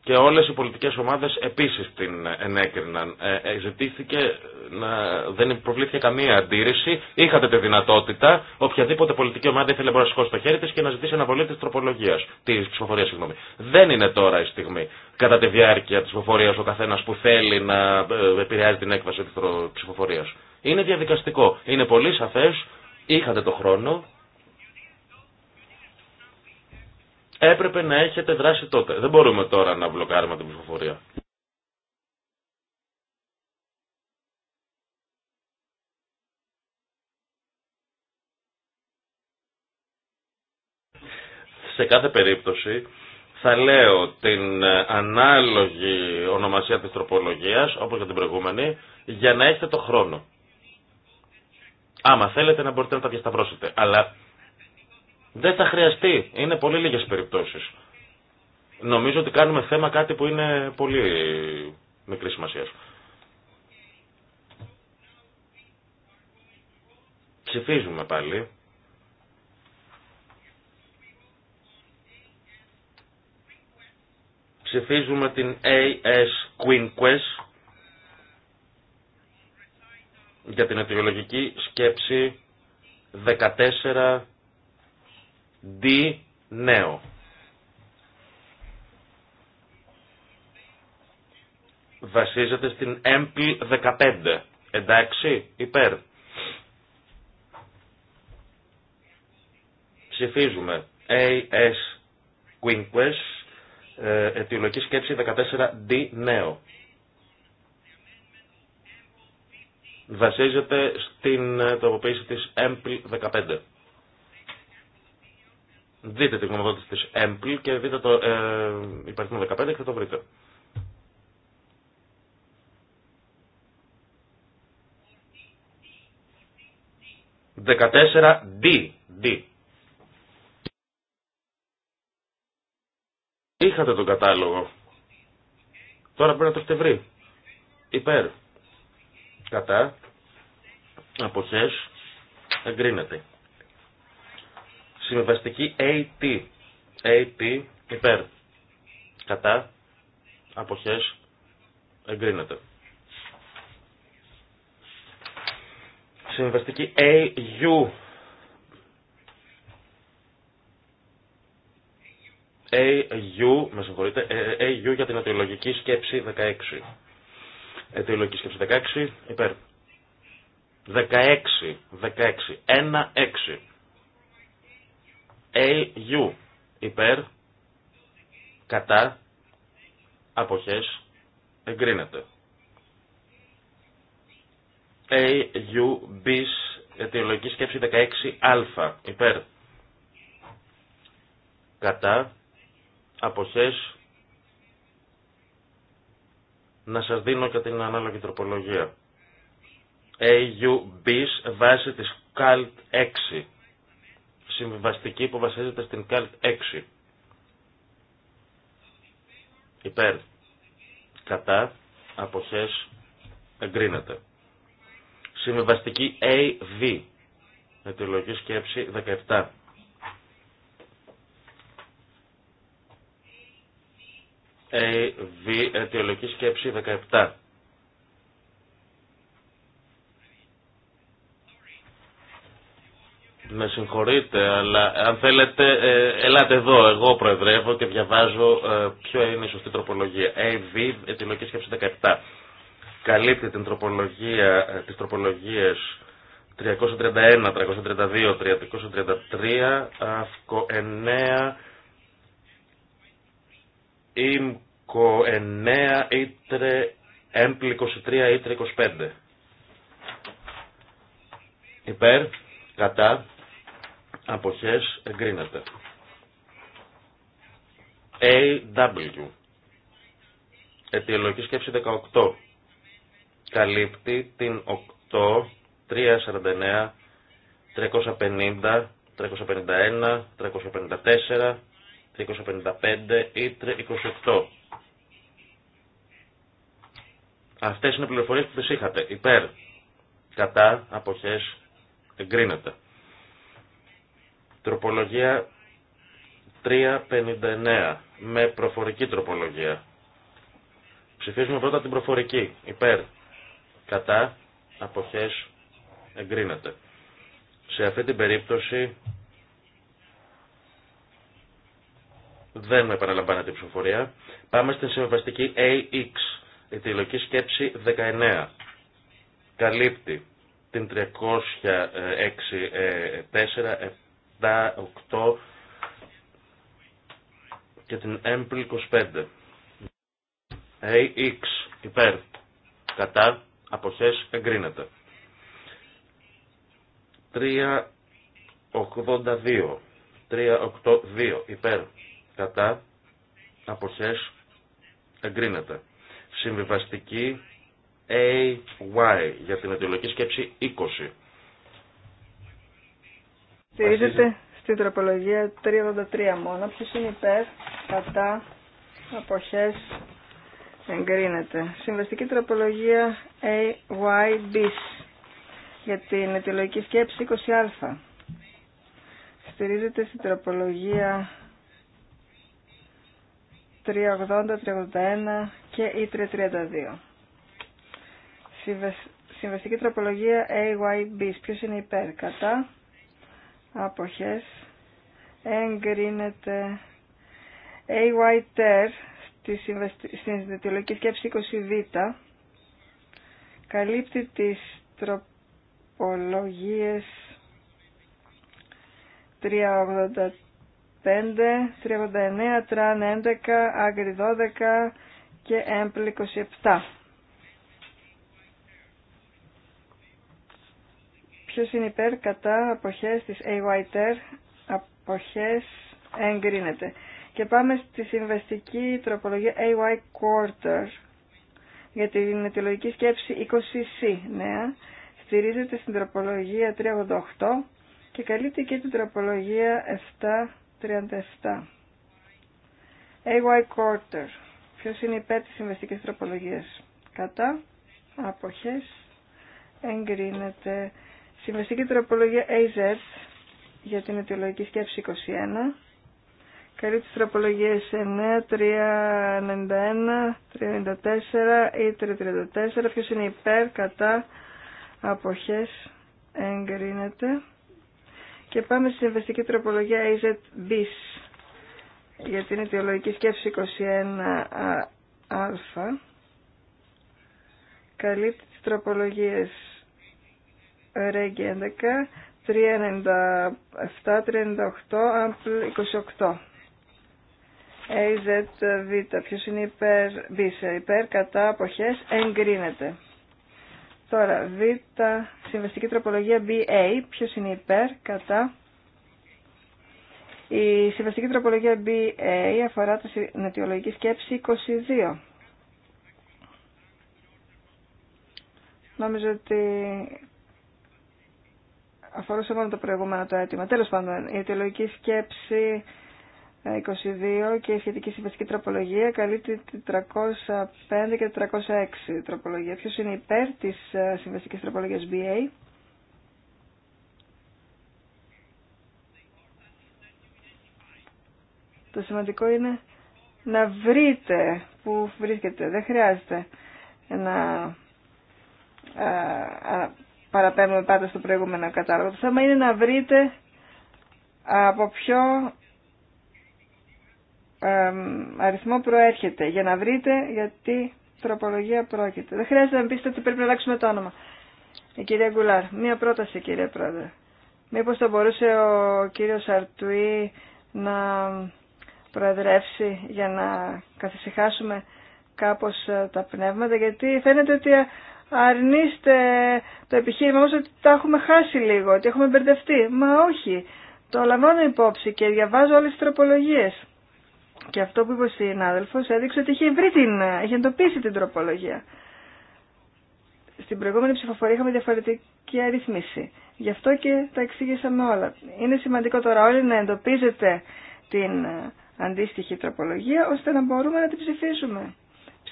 Και όλες οι πολιτικές ομάδες επίσης την ενέκριναν. Ε, ε ζητήθηκε να δεν προβλήθηκε καμία αντίρρηση. Είχατε τη δυνατότητα οποιαδήποτε πολιτική ομάδα ήθελε να σηκώσει το χέρι της και να ζητήσει αναβολή της τροπολογίας, της ψηφοφορίας, συγγνώμη. Δεν είναι τώρα η στιγμή κατά τη διάρκεια της ψηφοφορίας ο καθένας που θέλει να ε, επηρεάζει την έκβαση της ψηφοφορίας. Είναι διαδικαστικό. Είναι πολύ σαφές. Είχατε το χρόνο Έπρεπε να έχετε δράσει τότε. Δεν μπορούμε τώρα να βλοκάρουμε την πληροφορία. Σε κάθε περίπτωση θα λέω την ανάλογη ονομασία της τροπολογίας, όπως για την προηγούμενη, για να έχετε το χρόνο. Άμα θέλετε να μπορείτε να τα διασταυρώσετε. Αλλά δεν θα χρειαστεί. Είναι πολύ λίγε περιπτώσει. Νομίζω ότι κάνουμε θέμα κάτι που είναι πολύ μικρή σημασία. Ψηφίζουμε πάλι. Ψηφίζουμε την AS Quest. για την αιτιολογική σκέψη 14 Δι νέο. Βασίζεται στην έμπλη 15. Εντάξει, υπέρ. Ψηφίζουμε. AS Quinques, ε, αιτιολογική σκέψη 14D νέο. Βασίζεται στην ε, τοποποίηση της έμπλη 15. Δείτε την γνωμοδότηση της ΕΜΠΛ και δείτε το ε, υπαριθμό 15 και θα το βρείτε. Δεκατέσσερα D. Είχατε τον κατάλογο. Τώρα πρέπει να το έχετε βρει. Υπέρ. Κατά. Αποχές. Εγκρίνεται. Συμβεβαστική AT. AT υπέρ. Κατά. Αποχές. Εγκρίνεται. Συμβεβαστική AU. AU, με συγχωρείτε, ε, AU για την αιτιολογική σκέψη 16. Αιτιολογική σκέψη 16, υπέρ. 16, 16, 1, 6. AU υπέρ κατά αποχές εγκρίνεται. AU bis αιτιολογική σκέψη 16α υπέρ κατά αποχές να σας δίνω και την ανάλογη τροπολογία. AU bis βάσει της CALT 6 συμβιβαστική που βασίζεται στην ΚΑΛΤ 6. Υπέρ. Κατά. Αποχές. Εγκρίνεται. Συμβιβαστική AV. Αιτιολογική σκέψη 17. AV. Αιτιολογική σκέψη 17. Με συγχωρείτε, αλλά αν θέλετε, ε, ελάτε εδώ. Εγώ προεδρεύω και διαβάζω ε, ποιο είναι η σωστή τροπολογία. AV, Ετοιμική σκέψη 17. Καλύπτει την τροπολογία, ε, τις τροπολογίες 331, 332, 333, αυκο 9, ΙΜΚΟ 9, ΙΤΡΕ, ΕΜΠΛ 23, ΙΤΡΕ 25. Υπέρ, κατά, αποχές εγκρίνεται. AW. Αιτιολογική σκέψη 18. Καλύπτει την 8, 349, 350, 351, 354, 355 ή 328. Αυτές είναι πληροφορίες που τις είχατε. Υπέρ, κατά, αποχές, εγκρίνεται. Τροπολογία 359 με προφορική τροπολογία. Ψηφίζουμε πρώτα την προφορική. Υπέρ. Κατά. Αποχές. Εγκρίνεται. Σε αυτή την περίπτωση δεν με επαναλαμβάνεται η ψηφοφορία. Πάμε στην συμβαστική AX. Η τηλεοκή σκέψη 19. Καλύπτει την 306, 8 και την έμπλη 25. AX υπέρ κατά αποχές εγκρίνεται. 382 382 υπέρ κατά αποχές εγκρίνεται. Συμβιβαστική AY για την αιτιολογική σκέψη 20 Στηρίζεται στην τροπολογία 383 μόνο. Ποιος είναι υπέρ, κατά, αποχές, εγκρίνεται. Συμβαστική τροπολογία AYB για την αιτιολογική σκέψη 20α. Στηρίζεται στην τροπολογία 380, 381 και E332. Συμβαστική τροπολογία AYB. Ποιος είναι υπέρ, κατά, αποχές εγκρίνεται AYTER στη στην αιτιολογική σκέψη 20β καλύπτει τις τροπολογίες 385, 389, Τραν 11, άγρι 12 και Έμπλη 27. Ποιο είναι υπέρ κατά αποχές της AYTER, αποχές εγκρίνεται. Και πάμε στη συμβαστική τροπολογία AY Quarter για την αιτιολογική σκέψη 20C νέα. Ναι, Στηρίζεται στην τροπολογία 388 και καλύπτει και την τροπολογία 737. AY Quarter. Ποιο είναι υπέρ τη συμβαστικής τροπολογία, Κατά. Αποχές. Εγκρίνεται. Συμβαστική τροπολογία AZ για την αιτιολογική σκέψη 21. καλύπτει τις τροπολογίες 9, 391, 394 ή 334. Ποιος είναι υπέρ, κατά, αποχές, εγκρίνεται. Και πάμε στη συμβαστική τροπολογία AZB για την αιτιολογική σκέψη 21α. Καλύπτει τις τροπολογίες Ρέγγι 11, 397, 38, Άμπλ 28. AZV, Β, ποιος είναι υπέρ, Β, υπέρ, κατά, αποχές, εγκρίνεται. Τώρα, Β, συμβαστική τροπολογία BA, ποιος είναι υπέρ, κατά. Η συμβαστική τροπολογία BA αφορά τη αιτιολογική σκέψη 22. Νομίζω ότι αφορούσε μόνο το προηγούμενο το αίτημα. Τέλος πάντων, η αιτιολογική σκέψη 22 ε, και η σχετική συμβαστική τροπολογία καλύπτει 405 και 406 τροπολογία. Ποιος είναι υπέρ της ε, συμβαστικής τροπολογίας BA. Το σημαντικό είναι να βρείτε που βρίσκεται. Δεν χρειάζεται να ε, παραπέμπουμε πάντα στο προηγούμενο κατάλογο. Το θέμα είναι να βρείτε από ποιο αριθμό προέρχεται για να βρείτε γιατί τροπολογία πρόκειται. Δεν χρειάζεται να πείστε ότι πρέπει να αλλάξουμε το όνομα. Η κυρία Γκουλάρ, μία πρόταση κύριε Πρόεδρε. Μήπως θα μπορούσε ο κύριος Αρτουή να προεδρεύσει για να καθησυχάσουμε κάπως ε, τα πνεύματα γιατί φαίνεται ότι ε, αρνείστε το επιχείρημα μας ότι τα έχουμε χάσει λίγο, ότι έχουμε μπερδευτεί. Μα όχι, το λαμβάνω υπόψη και διαβάζω όλες τις τροπολογίες. Και αυτό που είπε ο συνάδελφος έδειξε ότι είχε βρει την, είχε εντοπίσει την τροπολογία. Στην προηγούμενη ψηφοφορία είχαμε διαφορετική αριθμίση. Γι' αυτό και τα εξήγησαμε όλα. Είναι σημαντικό τώρα όλοι να εντοπίζετε την ε, αντίστοιχη τροπολογία ώστε να μπορούμε να την ψηφίσουμε.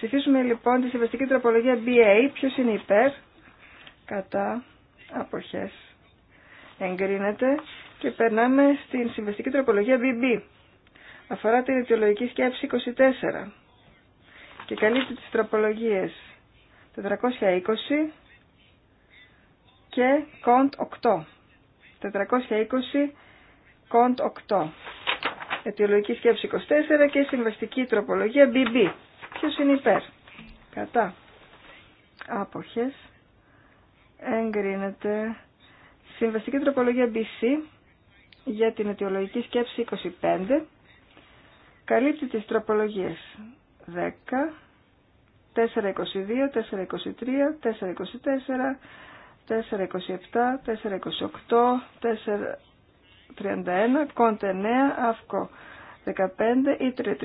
Ψηφίσουμε λοιπόν τη συμβαστική τροπολογία BA. Ποιο είναι υπέρ, κατά, αποχές. Εγκρίνεται και περνάμε στην συμβαστική τροπολογία BB. Αφορά την αιτιολογική σκέψη 24 και καλύπτει τις τροπολογίες 420 και κοντ 8. 420 κοντ 8. Αιτιολογική σκέψη 24 και συμβαστική τροπολογία BB. Ποιος είναι υπέρ. Κατά. Άποχες. Εγκρίνεται. Συμβαστική τροπολογία BC για την αιτιολογική σκέψη 25. Καλύπτει τις τροπολογίες 10, 422, 423, 424, 427, 428, 431, κόντε 9, αύκο 15, ήτρε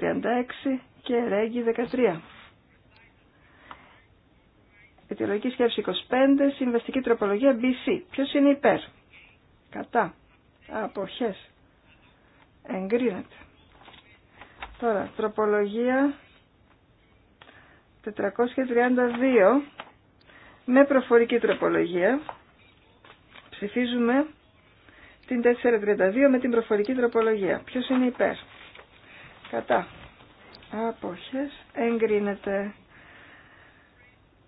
και Ρέγγι 13. Αιτιολογική σκέψη 25, συμβαστική τροπολογία BC. Ποιο είναι υπέρ. Κατά. Αποχέ. Εγκρίνεται. Τώρα, τροπολογία 432 με προφορική τροπολογία. Ψηφίζουμε την 432 με την προφορική τροπολογία. Ποιος είναι υπέρ. Κατά. Απόχες. Εγκρίνεται.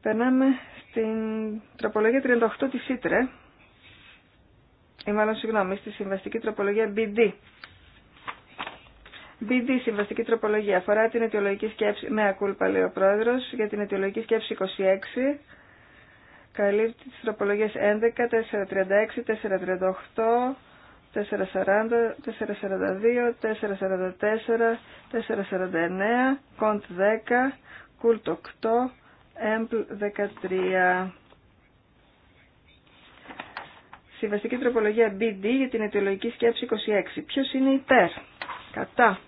Περνάμε στην τροπολογία 38 της Ήτρε. Ή μάλλον συγγνώμη, στη συμβαστική τροπολογία BD. BD, συμβαστική τροπολογία, αφορά την αιτιολογική σκέψη, με ακούλπα λέει ο πρόεδρος, για την αιτιολογική σκέψη 26, καλύπτει τις τροπολογίες 11, 436, 438, 440, 442, 444, 449, κοντ 10, κουλτ 8, έμπλ 13. Συμβαστική τροπολογία BD για την αιτιολογική σκέψη 26. Ποιος είναι η τέρ. κατά,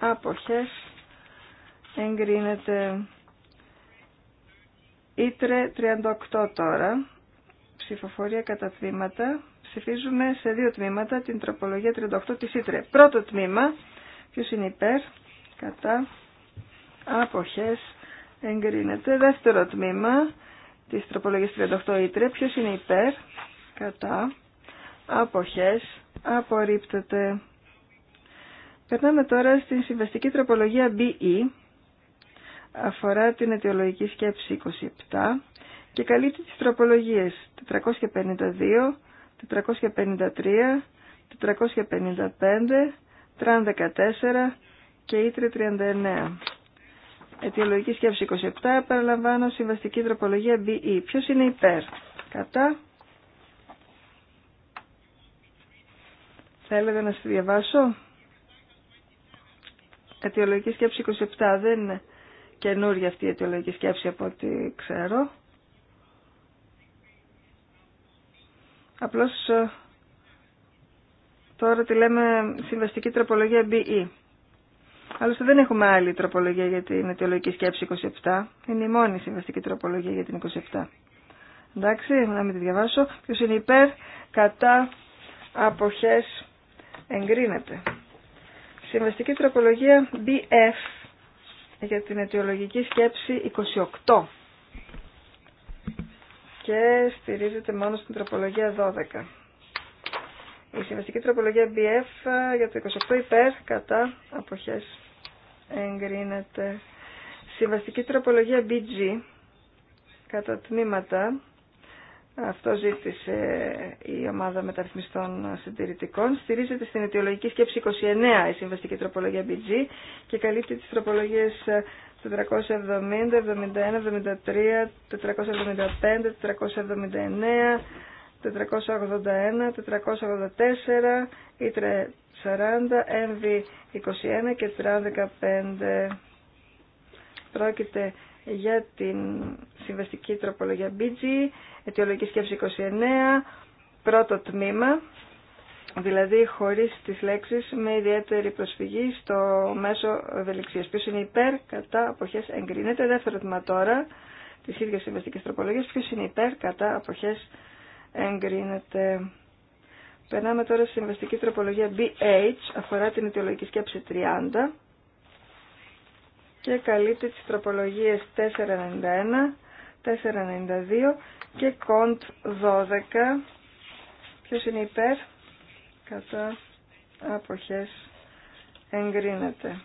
άποχες, εγκρίνεται. Ήτρε 38 τώρα, ψηφοφορία κατά θύματα ψηφίζουμε σε δύο τμήματα την τροπολογία 38 της ίτρε. Πρώτο τμήμα, ποιο είναι υπέρ, κατά, αποχές, εγκρίνεται. Δεύτερο τμήμα της τροπολογίας 38 Ήτρε, Ποιο είναι υπέρ, κατά, αποχές, απορρίπτεται. Περνάμε τώρα στην συμβαστική τροπολογία BE, αφορά την αιτιολογική σκέψη 27 και καλύπτει τις τροπολογίες 452, 453, 455, τραν 14 και ήτρε 39. Αιτιολογική σκέψη 27, επαναλαμβάνω συμβαστική τροπολογία BE. Ποιο είναι υπέρ, κατά. Θέλετε να στη διαβάσω. Αιτιολογική σκέψη 27 δεν είναι καινούργια αυτή η αιτιολογική σκέψη από ό,τι ξέρω. Απλώς ε, τώρα τη λέμε συμβαστική τροπολογία BE. Άλλωστε δεν έχουμε άλλη τροπολογία για την αιτιολογική σκέψη 27. Είναι η μόνη συμβαστική τροπολογία για την 27. Εντάξει, να μην τη διαβάσω. Ποιο είναι υπέρ, κατά, αποχές, εγκρίνεται. Συμβαστική τροπολογία BF για την αιτιολογική σκέψη 28 και στηρίζεται μόνο στην τροπολογία 12. Η συμβαστική τροπολογία BF ε, για το 28 υπέρ κατά αποχές εγκρίνεται. Συμβαστική τροπολογία BG κατά τμήματα. Αυτό ζήτησε η ομάδα μεταρρυθμιστών συντηρητικών. Στηρίζεται στην αιτιολογική σκέψη 29 η συμβαστική τροπολογία BG και καλύπτει τις τροπολογίες ε, 470, 71, 73, 475, 479, 481, 484, ήτρε 40, ΕΜΒΙ 21 και ΤΡΑ 15. Πρόκειται για την συμβαστική τροπολογία BG, αιτιολογική σκέψη 29, πρώτο τμήμα, Δηλαδή χωρίς τις λέξεις με ιδιαίτερη προσφυγή στο μέσο ευελιξίας. Ποιος είναι υπέρ, κατά, αποχές, εγκρίνεται. Δεύτερο τμήμα τώρα της ίδιας συμβαστικής τροπολογίας. Ποιος είναι υπέρ, κατά, αποχές, εγκρίνεται. Περνάμε τώρα στη συμβαστική τροπολογία BH, αφορά την αιτιολογική σκέψη 30 και καλύπτει τις τροπολογίες 491, 492 και κοντ 12. Ποιος είναι υπέρ, κατά αποχές εγκρίνεται.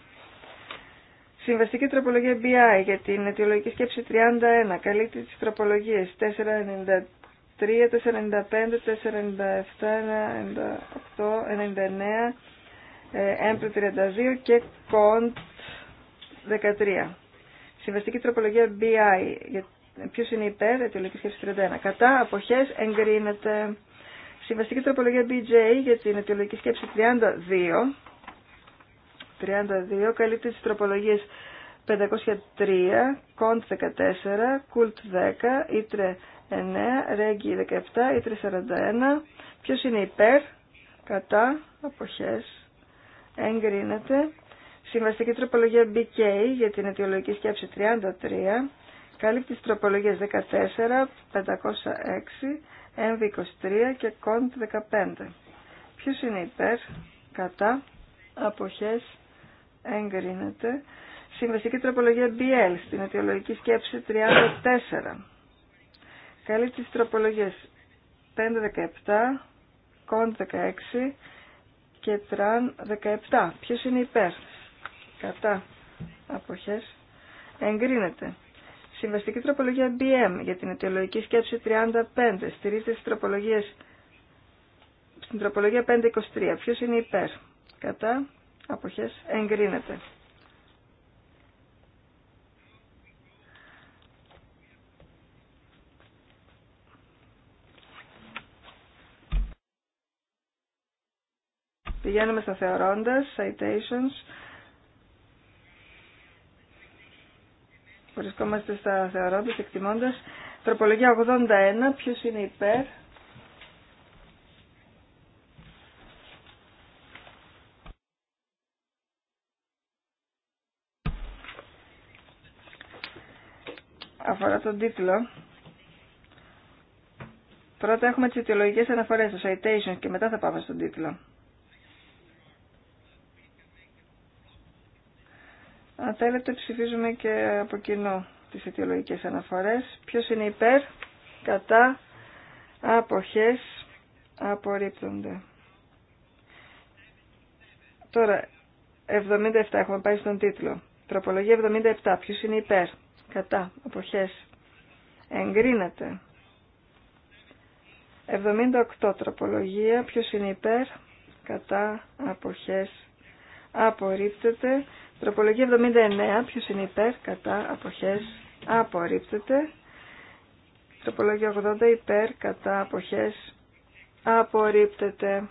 Συμβαστική τροπολογία BI για την αιτιολογική σκέψη 31 καλύπτει της τροπολογίες 493, 495, 497, 98, 99, και 32 και κοντ 13. Συμβαστική τροπολογία BI. για είναι υπέρ, αιτιολογική σκέψη 31. Κατά, αποχές, εγκρίνεται. Συμβαστική τροπολογία BJ για την αιτιολογική σκέψη 32. 32 καλύπτει τις τροπολογίες 503, κοντ 14, κουλτ 10, ήτρε 9, ρέγγι 17, ήτρε 41. Ποιος είναι υπέρ, κατά, αποχές, εγκρίνεται. Συμβαστική τροπολογία BK για την αιτιολογική σκέψη 33. Καλύπτει τις τροπολογίες 14, 506, ΕΜΒ 23 και ΚΟΝΤ 15. Ποιος είναι υπέρ, κατά, αποχές, εγκρίνεται. Συμβαστική τροπολογία BL στην αιτιολογική σκέψη 34. Καλή τις τροπολογίες 517, ΚΟΝΤ 16 και ΤΡΑΝ 17. Ποιος είναι υπέρ, κατά, αποχές, εγκρίνεται. Συμβαστική τροπολογία BM για την αιτιολογική σκέψη 35 στηρίζεται στις τροπολογίες, στην τροπολογία 523. Ποιος είναι υπέρ. Κατά. Αποχές. Εγκρίνεται. Πηγαίνουμε στα θεωρώντας, citations, Βρισκόμαστε στα θεωρώντας, εκτιμώντας. Τροπολογία 81, ποιος είναι υπέρ. Αφορά τον τίτλο. Πρώτα έχουμε τις αιτιολογικές αναφορές, το citation, και μετά θα πάμε στον τίτλο. θέλετε ψηφίζουμε και από κοινό τις αιτιολογικές αναφορές. Ποιος είναι υπέρ, κατά, αποχές, απορρίπτονται. Τώρα, 77 έχουμε πάει στον τίτλο. Τροπολογία 77. Ποιος είναι υπέρ, κατά, αποχές. Εγκρίνεται. 78 τροπολογία. Ποιος είναι υπέρ, κατά, αποχές. Απορρίπτεται. Τροπολογία 79, ποιος είναι υπέρ, κατά, αποχές, απορρίπτεται. Τροπολογία 80, υπέρ, κατά, αποχές, απορρίπτεται.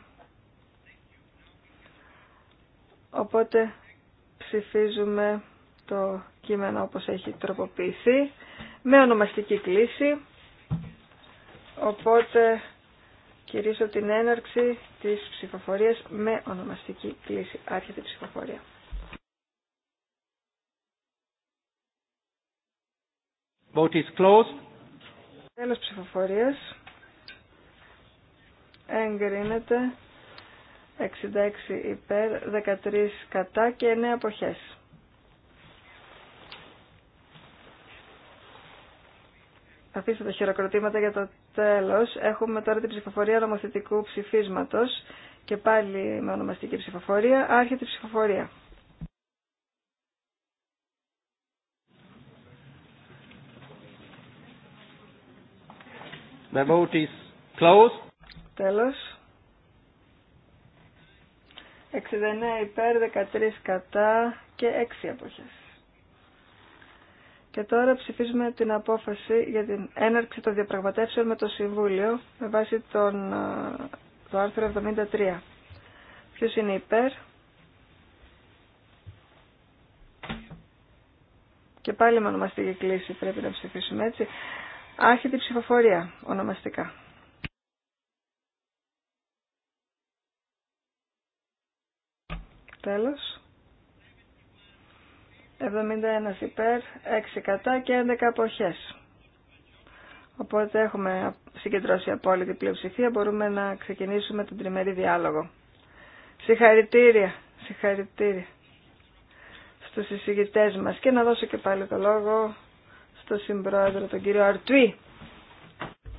Οπότε ψηφίζουμε το κείμενο όπως έχει τροποποιηθεί με ονομαστική κλίση. Οπότε κηρύσω την έναρξη της ψηφοφορίας με ονομαστική κλίση. Άρχεται η ψηφοφορία. Vote is closed. ψηφοφορίας. Εγκρίνεται 66 υπέρ, 13 κατά και 9 αποχές. Αφήστε τα χειροκροτήματα για το τέλος. Έχουμε τώρα την ψηφοφορία νομοθετικού ψηφίσματος και πάλι με ονομαστική ψηφοφορία. Άρχεται η ψηφοφορία. The vote is closed. Τέλος. 69 υπέρ, 13 κατά και 6 αποχές. Και τώρα ψηφίζουμε την απόφαση για την έναρξη των διαπραγματεύσεων με το Συμβούλιο με βάση τον, ε, το άρθρο 73. Ποιος είναι υπέρ. Και πάλι με ονομαστική κλίση πρέπει να ψηφίσουμε έτσι. Άρχεται ψηφοφορία ονομαστικά. Τέλος. 71 υπέρ, 6 κατά και 11 αποχές. Οπότε έχουμε συγκεντρώσει απόλυτη πλειοψηφία, μπορούμε να ξεκινήσουμε τον τριμερή διάλογο. Συγχαρητήρια, συγχαρητήρια στους εισηγητές μας και να δώσω και πάλι το λόγο συμπρόεδρο, τον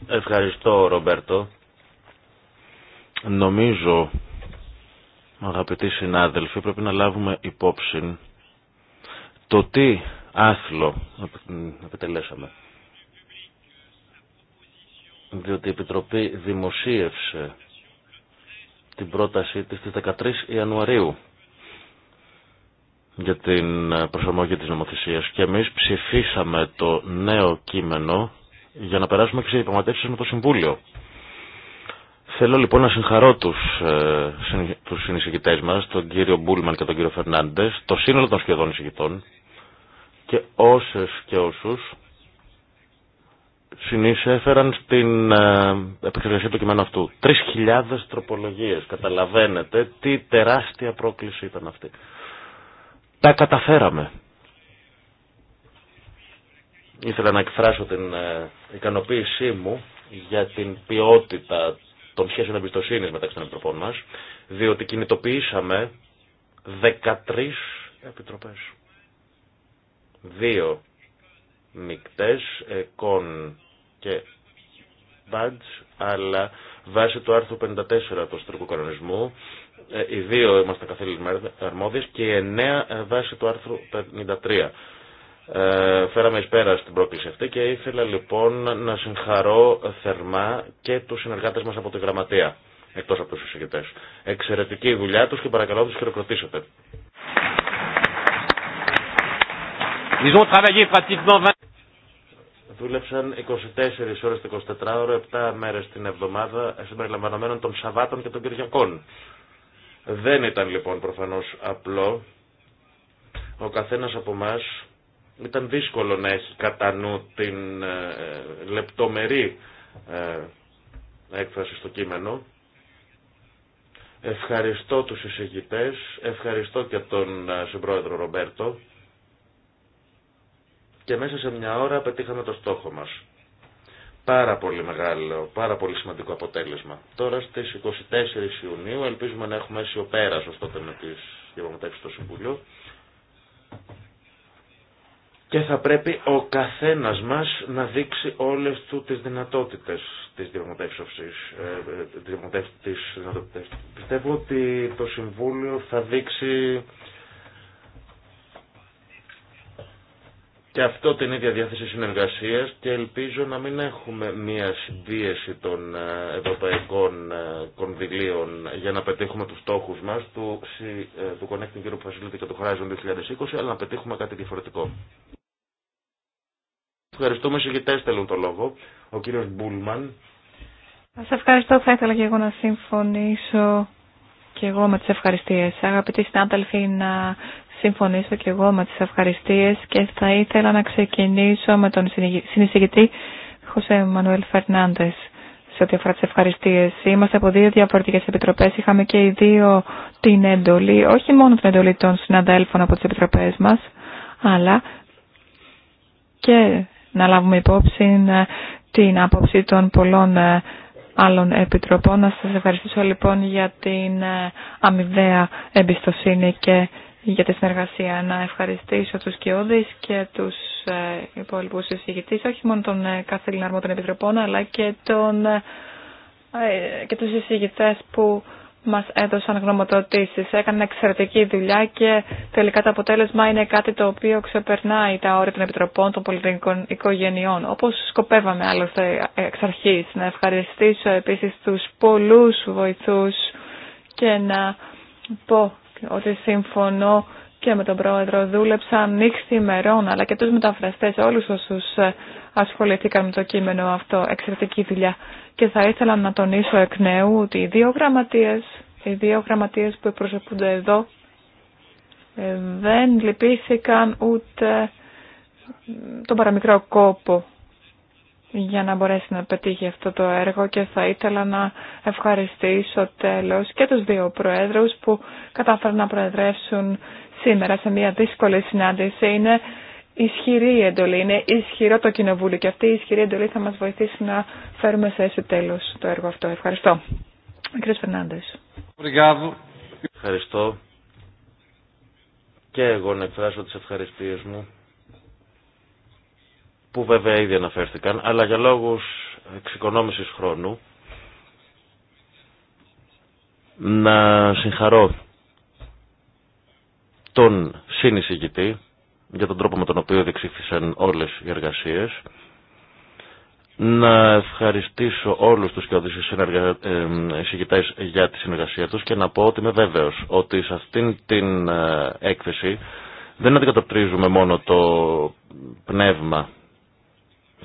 Ευχαριστώ, Ρομπέρτο. Νομίζω, αγαπητοί συνάδελφοι, πρέπει να λάβουμε υπόψη το τι άθλο επιτελέσαμε. Διότι η Επιτροπή δημοσίευσε την πρότασή της στις 13 Ιανουαρίου για την ε, προσαρμογή της νομοθεσίας και εμείς ψηφίσαμε το νέο κείμενο για να περάσουμε και σε με το Συμβούλιο. Θέλω λοιπόν να συγχαρώ τους, ε, τους μας, τον κύριο Μπούλμαν και τον κύριο Φερνάντες, το σύνολο των σχεδόν εισηγητών και όσες και όσους συνεισέφεραν στην ε, επεξεργασία του κειμένου αυτού. 3.000 τροπολογίες. Καταλαβαίνετε τι τεράστια πρόκληση ήταν αυτή. Τα καταφέραμε. Ήθελα να εκφράσω την ε, ικανοποίησή μου για την ποιότητα των σχέσεων εμπιστοσύνη μεταξύ των επιτροπών μα, διότι κινητοποιήσαμε 13 επιτροπέ. Δύο μεικτέ, εικόν και ΒΑΤΣ, αλλά βάσει του άρθρου 54 του Αστρικού Κανονισμού ε, οι δύο είμαστε μέρες αρμόδιες και οι εννέα ε, βάσει του άρθρου 53. Ε, φέραμε εις πέρα στην πρόκληση αυτή και ήθελα λοιπόν να συγχαρώ θερμά και τους συνεργάτες μας από τη γραμματεία, εκτός από τους εισηγητές. Εξαιρετική η δουλειά τους και παρακαλώ τους χειροκροτήσετε. Δούλεψαν 24 ώρες, 24 ώρες, 7 μέρες την εβδομάδα, συμπεριλαμβανομένων των Σαββάτων και των Κυριακών. Δεν ήταν λοιπόν προφανώς απλό. Ο καθένας από εμά ήταν δύσκολο να έχει κατά νου την ε, λεπτομερή ε, έκφραση στο κείμενο. Ευχαριστώ τους εισηγητές, ευχαριστώ και τον ε, συμπρόεδρο Ρομπέρτο και μέσα σε μια ώρα πετύχαμε το στόχο μας πάρα πολύ μεγάλο, πάρα πολύ σημαντικό αποτέλεσμα. Τώρα στις 24 Ιουνίου ελπίζουμε να έχουμε αίσιο πέρας ως τότε με τις διαπραγματεύσεις του συμβουλίου, και θα πρέπει ο καθένας μας να δείξει όλες του τις δυνατότητες της διαπραγματεύσευσης, ε, ε Πιστεύω ότι το Συμβούλιο θα δείξει και αυτό την ίδια διάθεση συνεργασίας και ελπίζω να μην έχουμε μία συμπίεση των ε, ευρωπαϊκών ε, κονδυλίων για να πετύχουμε τους στόχους μας του, ε, του Connecting Europe Facility και του Horizon 2020 αλλά να πετύχουμε κάτι διαφορετικό. Ευχαριστούμε συγκεκριτές θέλουν το λόγο. Ο κύριος Μπούλμαν. Σας ευχαριστώ. Θα ήθελα και εγώ να συμφωνήσω και εγώ με τις ευχαριστίες. Αγαπητοί συνάδελφοι, να συμφωνήσω και εγώ με τις ευχαριστίες και θα ήθελα να ξεκινήσω με τον συνεισηγητή Χωσέ Μανουέλ Φερνάντες σε ό,τι αφορά τις ευχαριστίες. Είμαστε από δύο διαφορετικές επιτροπές. Είχαμε και οι δύο την εντολή, όχι μόνο την εντολή των συναδέλφων από τις επιτροπές μας, αλλά και να λάβουμε υπόψη ε, την άποψη των πολλών ε, άλλων επιτροπών. Να σας ευχαριστήσω λοιπόν για την ε, αμοιβαία εμπιστοσύνη και για τη συνεργασία. Να ευχαριστήσω τους Κιώδης και τους ε, υπόλοιπους συζητητές, όχι μόνο τον κάθε Λιναρμό των Επιτροπών, αλλά και, τον, ε, και τους συζητητές που μας έδωσαν γνωμοτοτήσεις. Έκανε εξαιρετική δουλειά και τελικά το αποτέλεσμα είναι κάτι το οποίο ξεπερνάει τα όρια των Επιτροπών των Πολιτικών Οικογενειών. Όπως σκοπεύαμε άλλωστε εξ αρχής. Να ευχαριστήσω επίσης τους πολλούς βοηθούς και να πω ότι συμφωνώ και με τον Πρόεδρο. δούλεψαν νύχτη ημερών, αλλά και τους μεταφραστές, όλους όσους ε, ασχοληθήκαν με το κείμενο αυτό. Εξαιρετική δουλειά. Και θα ήθελα να τονίσω εκ νέου ότι οι δύο γραμματείες, οι δύο γραμματείες που εκπροσωπούνται εδώ ε, δεν λυπήθηκαν ούτε τον παραμικρό κόπο για να μπορέσει να πετύχει αυτό το έργο και θα ήθελα να ευχαριστήσω τέλος και τους δύο προέδρους που κατάφεραν να προεδρεύσουν σήμερα σε μια δύσκολη συνάντηση. Είναι ισχυρή εντολή, είναι ισχυρό το κοινοβούλιο και αυτή η ισχυρή εντολή θα μας βοηθήσει να φέρουμε σε έσω τέλος το έργο αυτό. Ευχαριστώ. Κύριε Φερνάντες. Ευχαριστώ. Και εγώ να εκφράσω τις ευχαριστίες μου που βέβαια ήδη αναφέρθηκαν, αλλά για λόγους εξοικονόμησης χρόνου να συγχαρώ τον συνεισηγητή για τον τρόπο με τον οποίο διεξήχθησαν όλες οι εργασίες να ευχαριστήσω όλους τους και ε, εισηγητές για τη συνεργασία τους και να πω ότι είμαι βέβαιος ότι σε αυτήν την ε, έκθεση δεν αντικατοπτρίζουμε μόνο το πνεύμα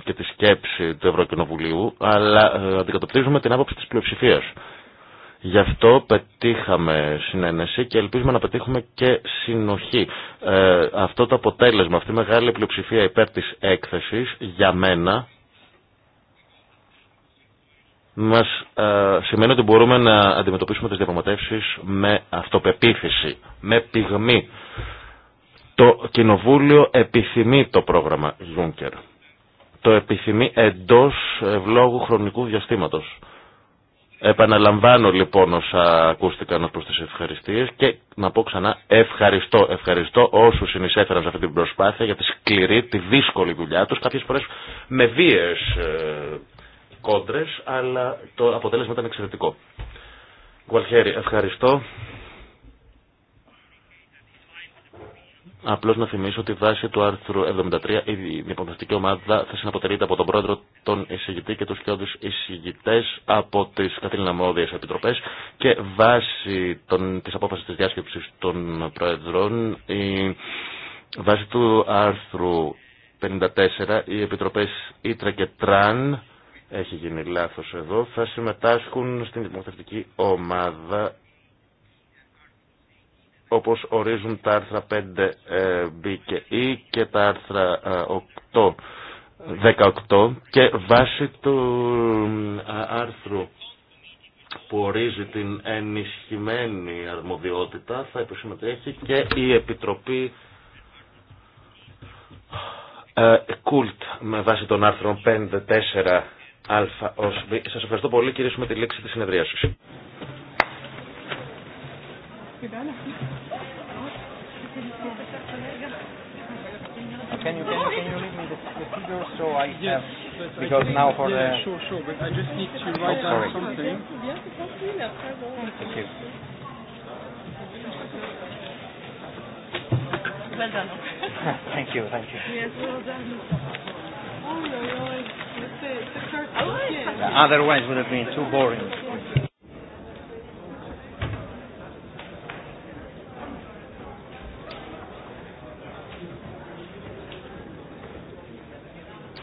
και τη σκέψη του Ευρωκοινοβουλίου, αλλά ε, αντικατοπτρίζουμε την άποψη της πλειοψηφίας. Γι' αυτό πετύχαμε συνένεση και ελπίζουμε να πετύχουμε και συνοχή. Ε, αυτό το αποτέλεσμα, αυτή η μεγάλη πλειοψηφία υπέρ της έκθεσης, για μένα, μας ε, σημαίνει ότι μπορούμε να αντιμετωπίσουμε τις διαπραγματεύσεις με αυτοπεποίθηση, με πυγμή. Το Κοινοβούλιο επιθυμεί το πρόγραμμα Juncker το επιθυμεί εντός ευλόγου χρονικού διαστήματος. Επαναλαμβάνω λοιπόν όσα ακούστηκαν προ προς τις ευχαριστίες και να πω ξανά ευχαριστώ, ευχαριστώ όσους συνεισέφεραν σε αυτή την προσπάθεια για τη σκληρή, τη δύσκολη δουλειά τους, κάποιες φορές με βίες ε, κόντρες, αλλά το αποτέλεσμα ήταν εξαιρετικό. Γουαλχέρη, ευχαριστώ. Απλώ να θυμίσω ότι βάσει του άρθρου 73 η δημοκρατική ομάδα θα συναποτελείται από τον πρόεδρο, τον εισηγητή και του χιλιάδε εισηγητέ από τι καθήλυναμόδιε επιτροπέ και βάσει τη απόφαση τη διάσκεψη των πρόεδρων, η, βάσει του άρθρου 54 οι επιτροπέ Ήτρα και Τραν έχει γίνει λάθος εδώ, θα συμμετάσχουν στην δημοκρατική ομάδα όπως ορίζουν τα άρθρα 5B ε, και E και τα άρθρα 8, ε, 18 και βάσει του ε, άρθρου που ορίζει την ενισχυμένη αρμοδιότητα θα υποσυμμετέχει και η Επιτροπή Κουλτ με βάση των άρθρων 5, 4, α ως Σας ευχαριστώ πολύ. Κυρίσουμε τη λέξη της συνεδρίασης. can you can you, can you read me the, the figures so I yes, have because now for yeah, the sure sure but I just need to write down something. Thank you. Well done. thank you, thank you. Yes, well done. Oh, no, no, it's, it's, it's otherwise would have been too boring.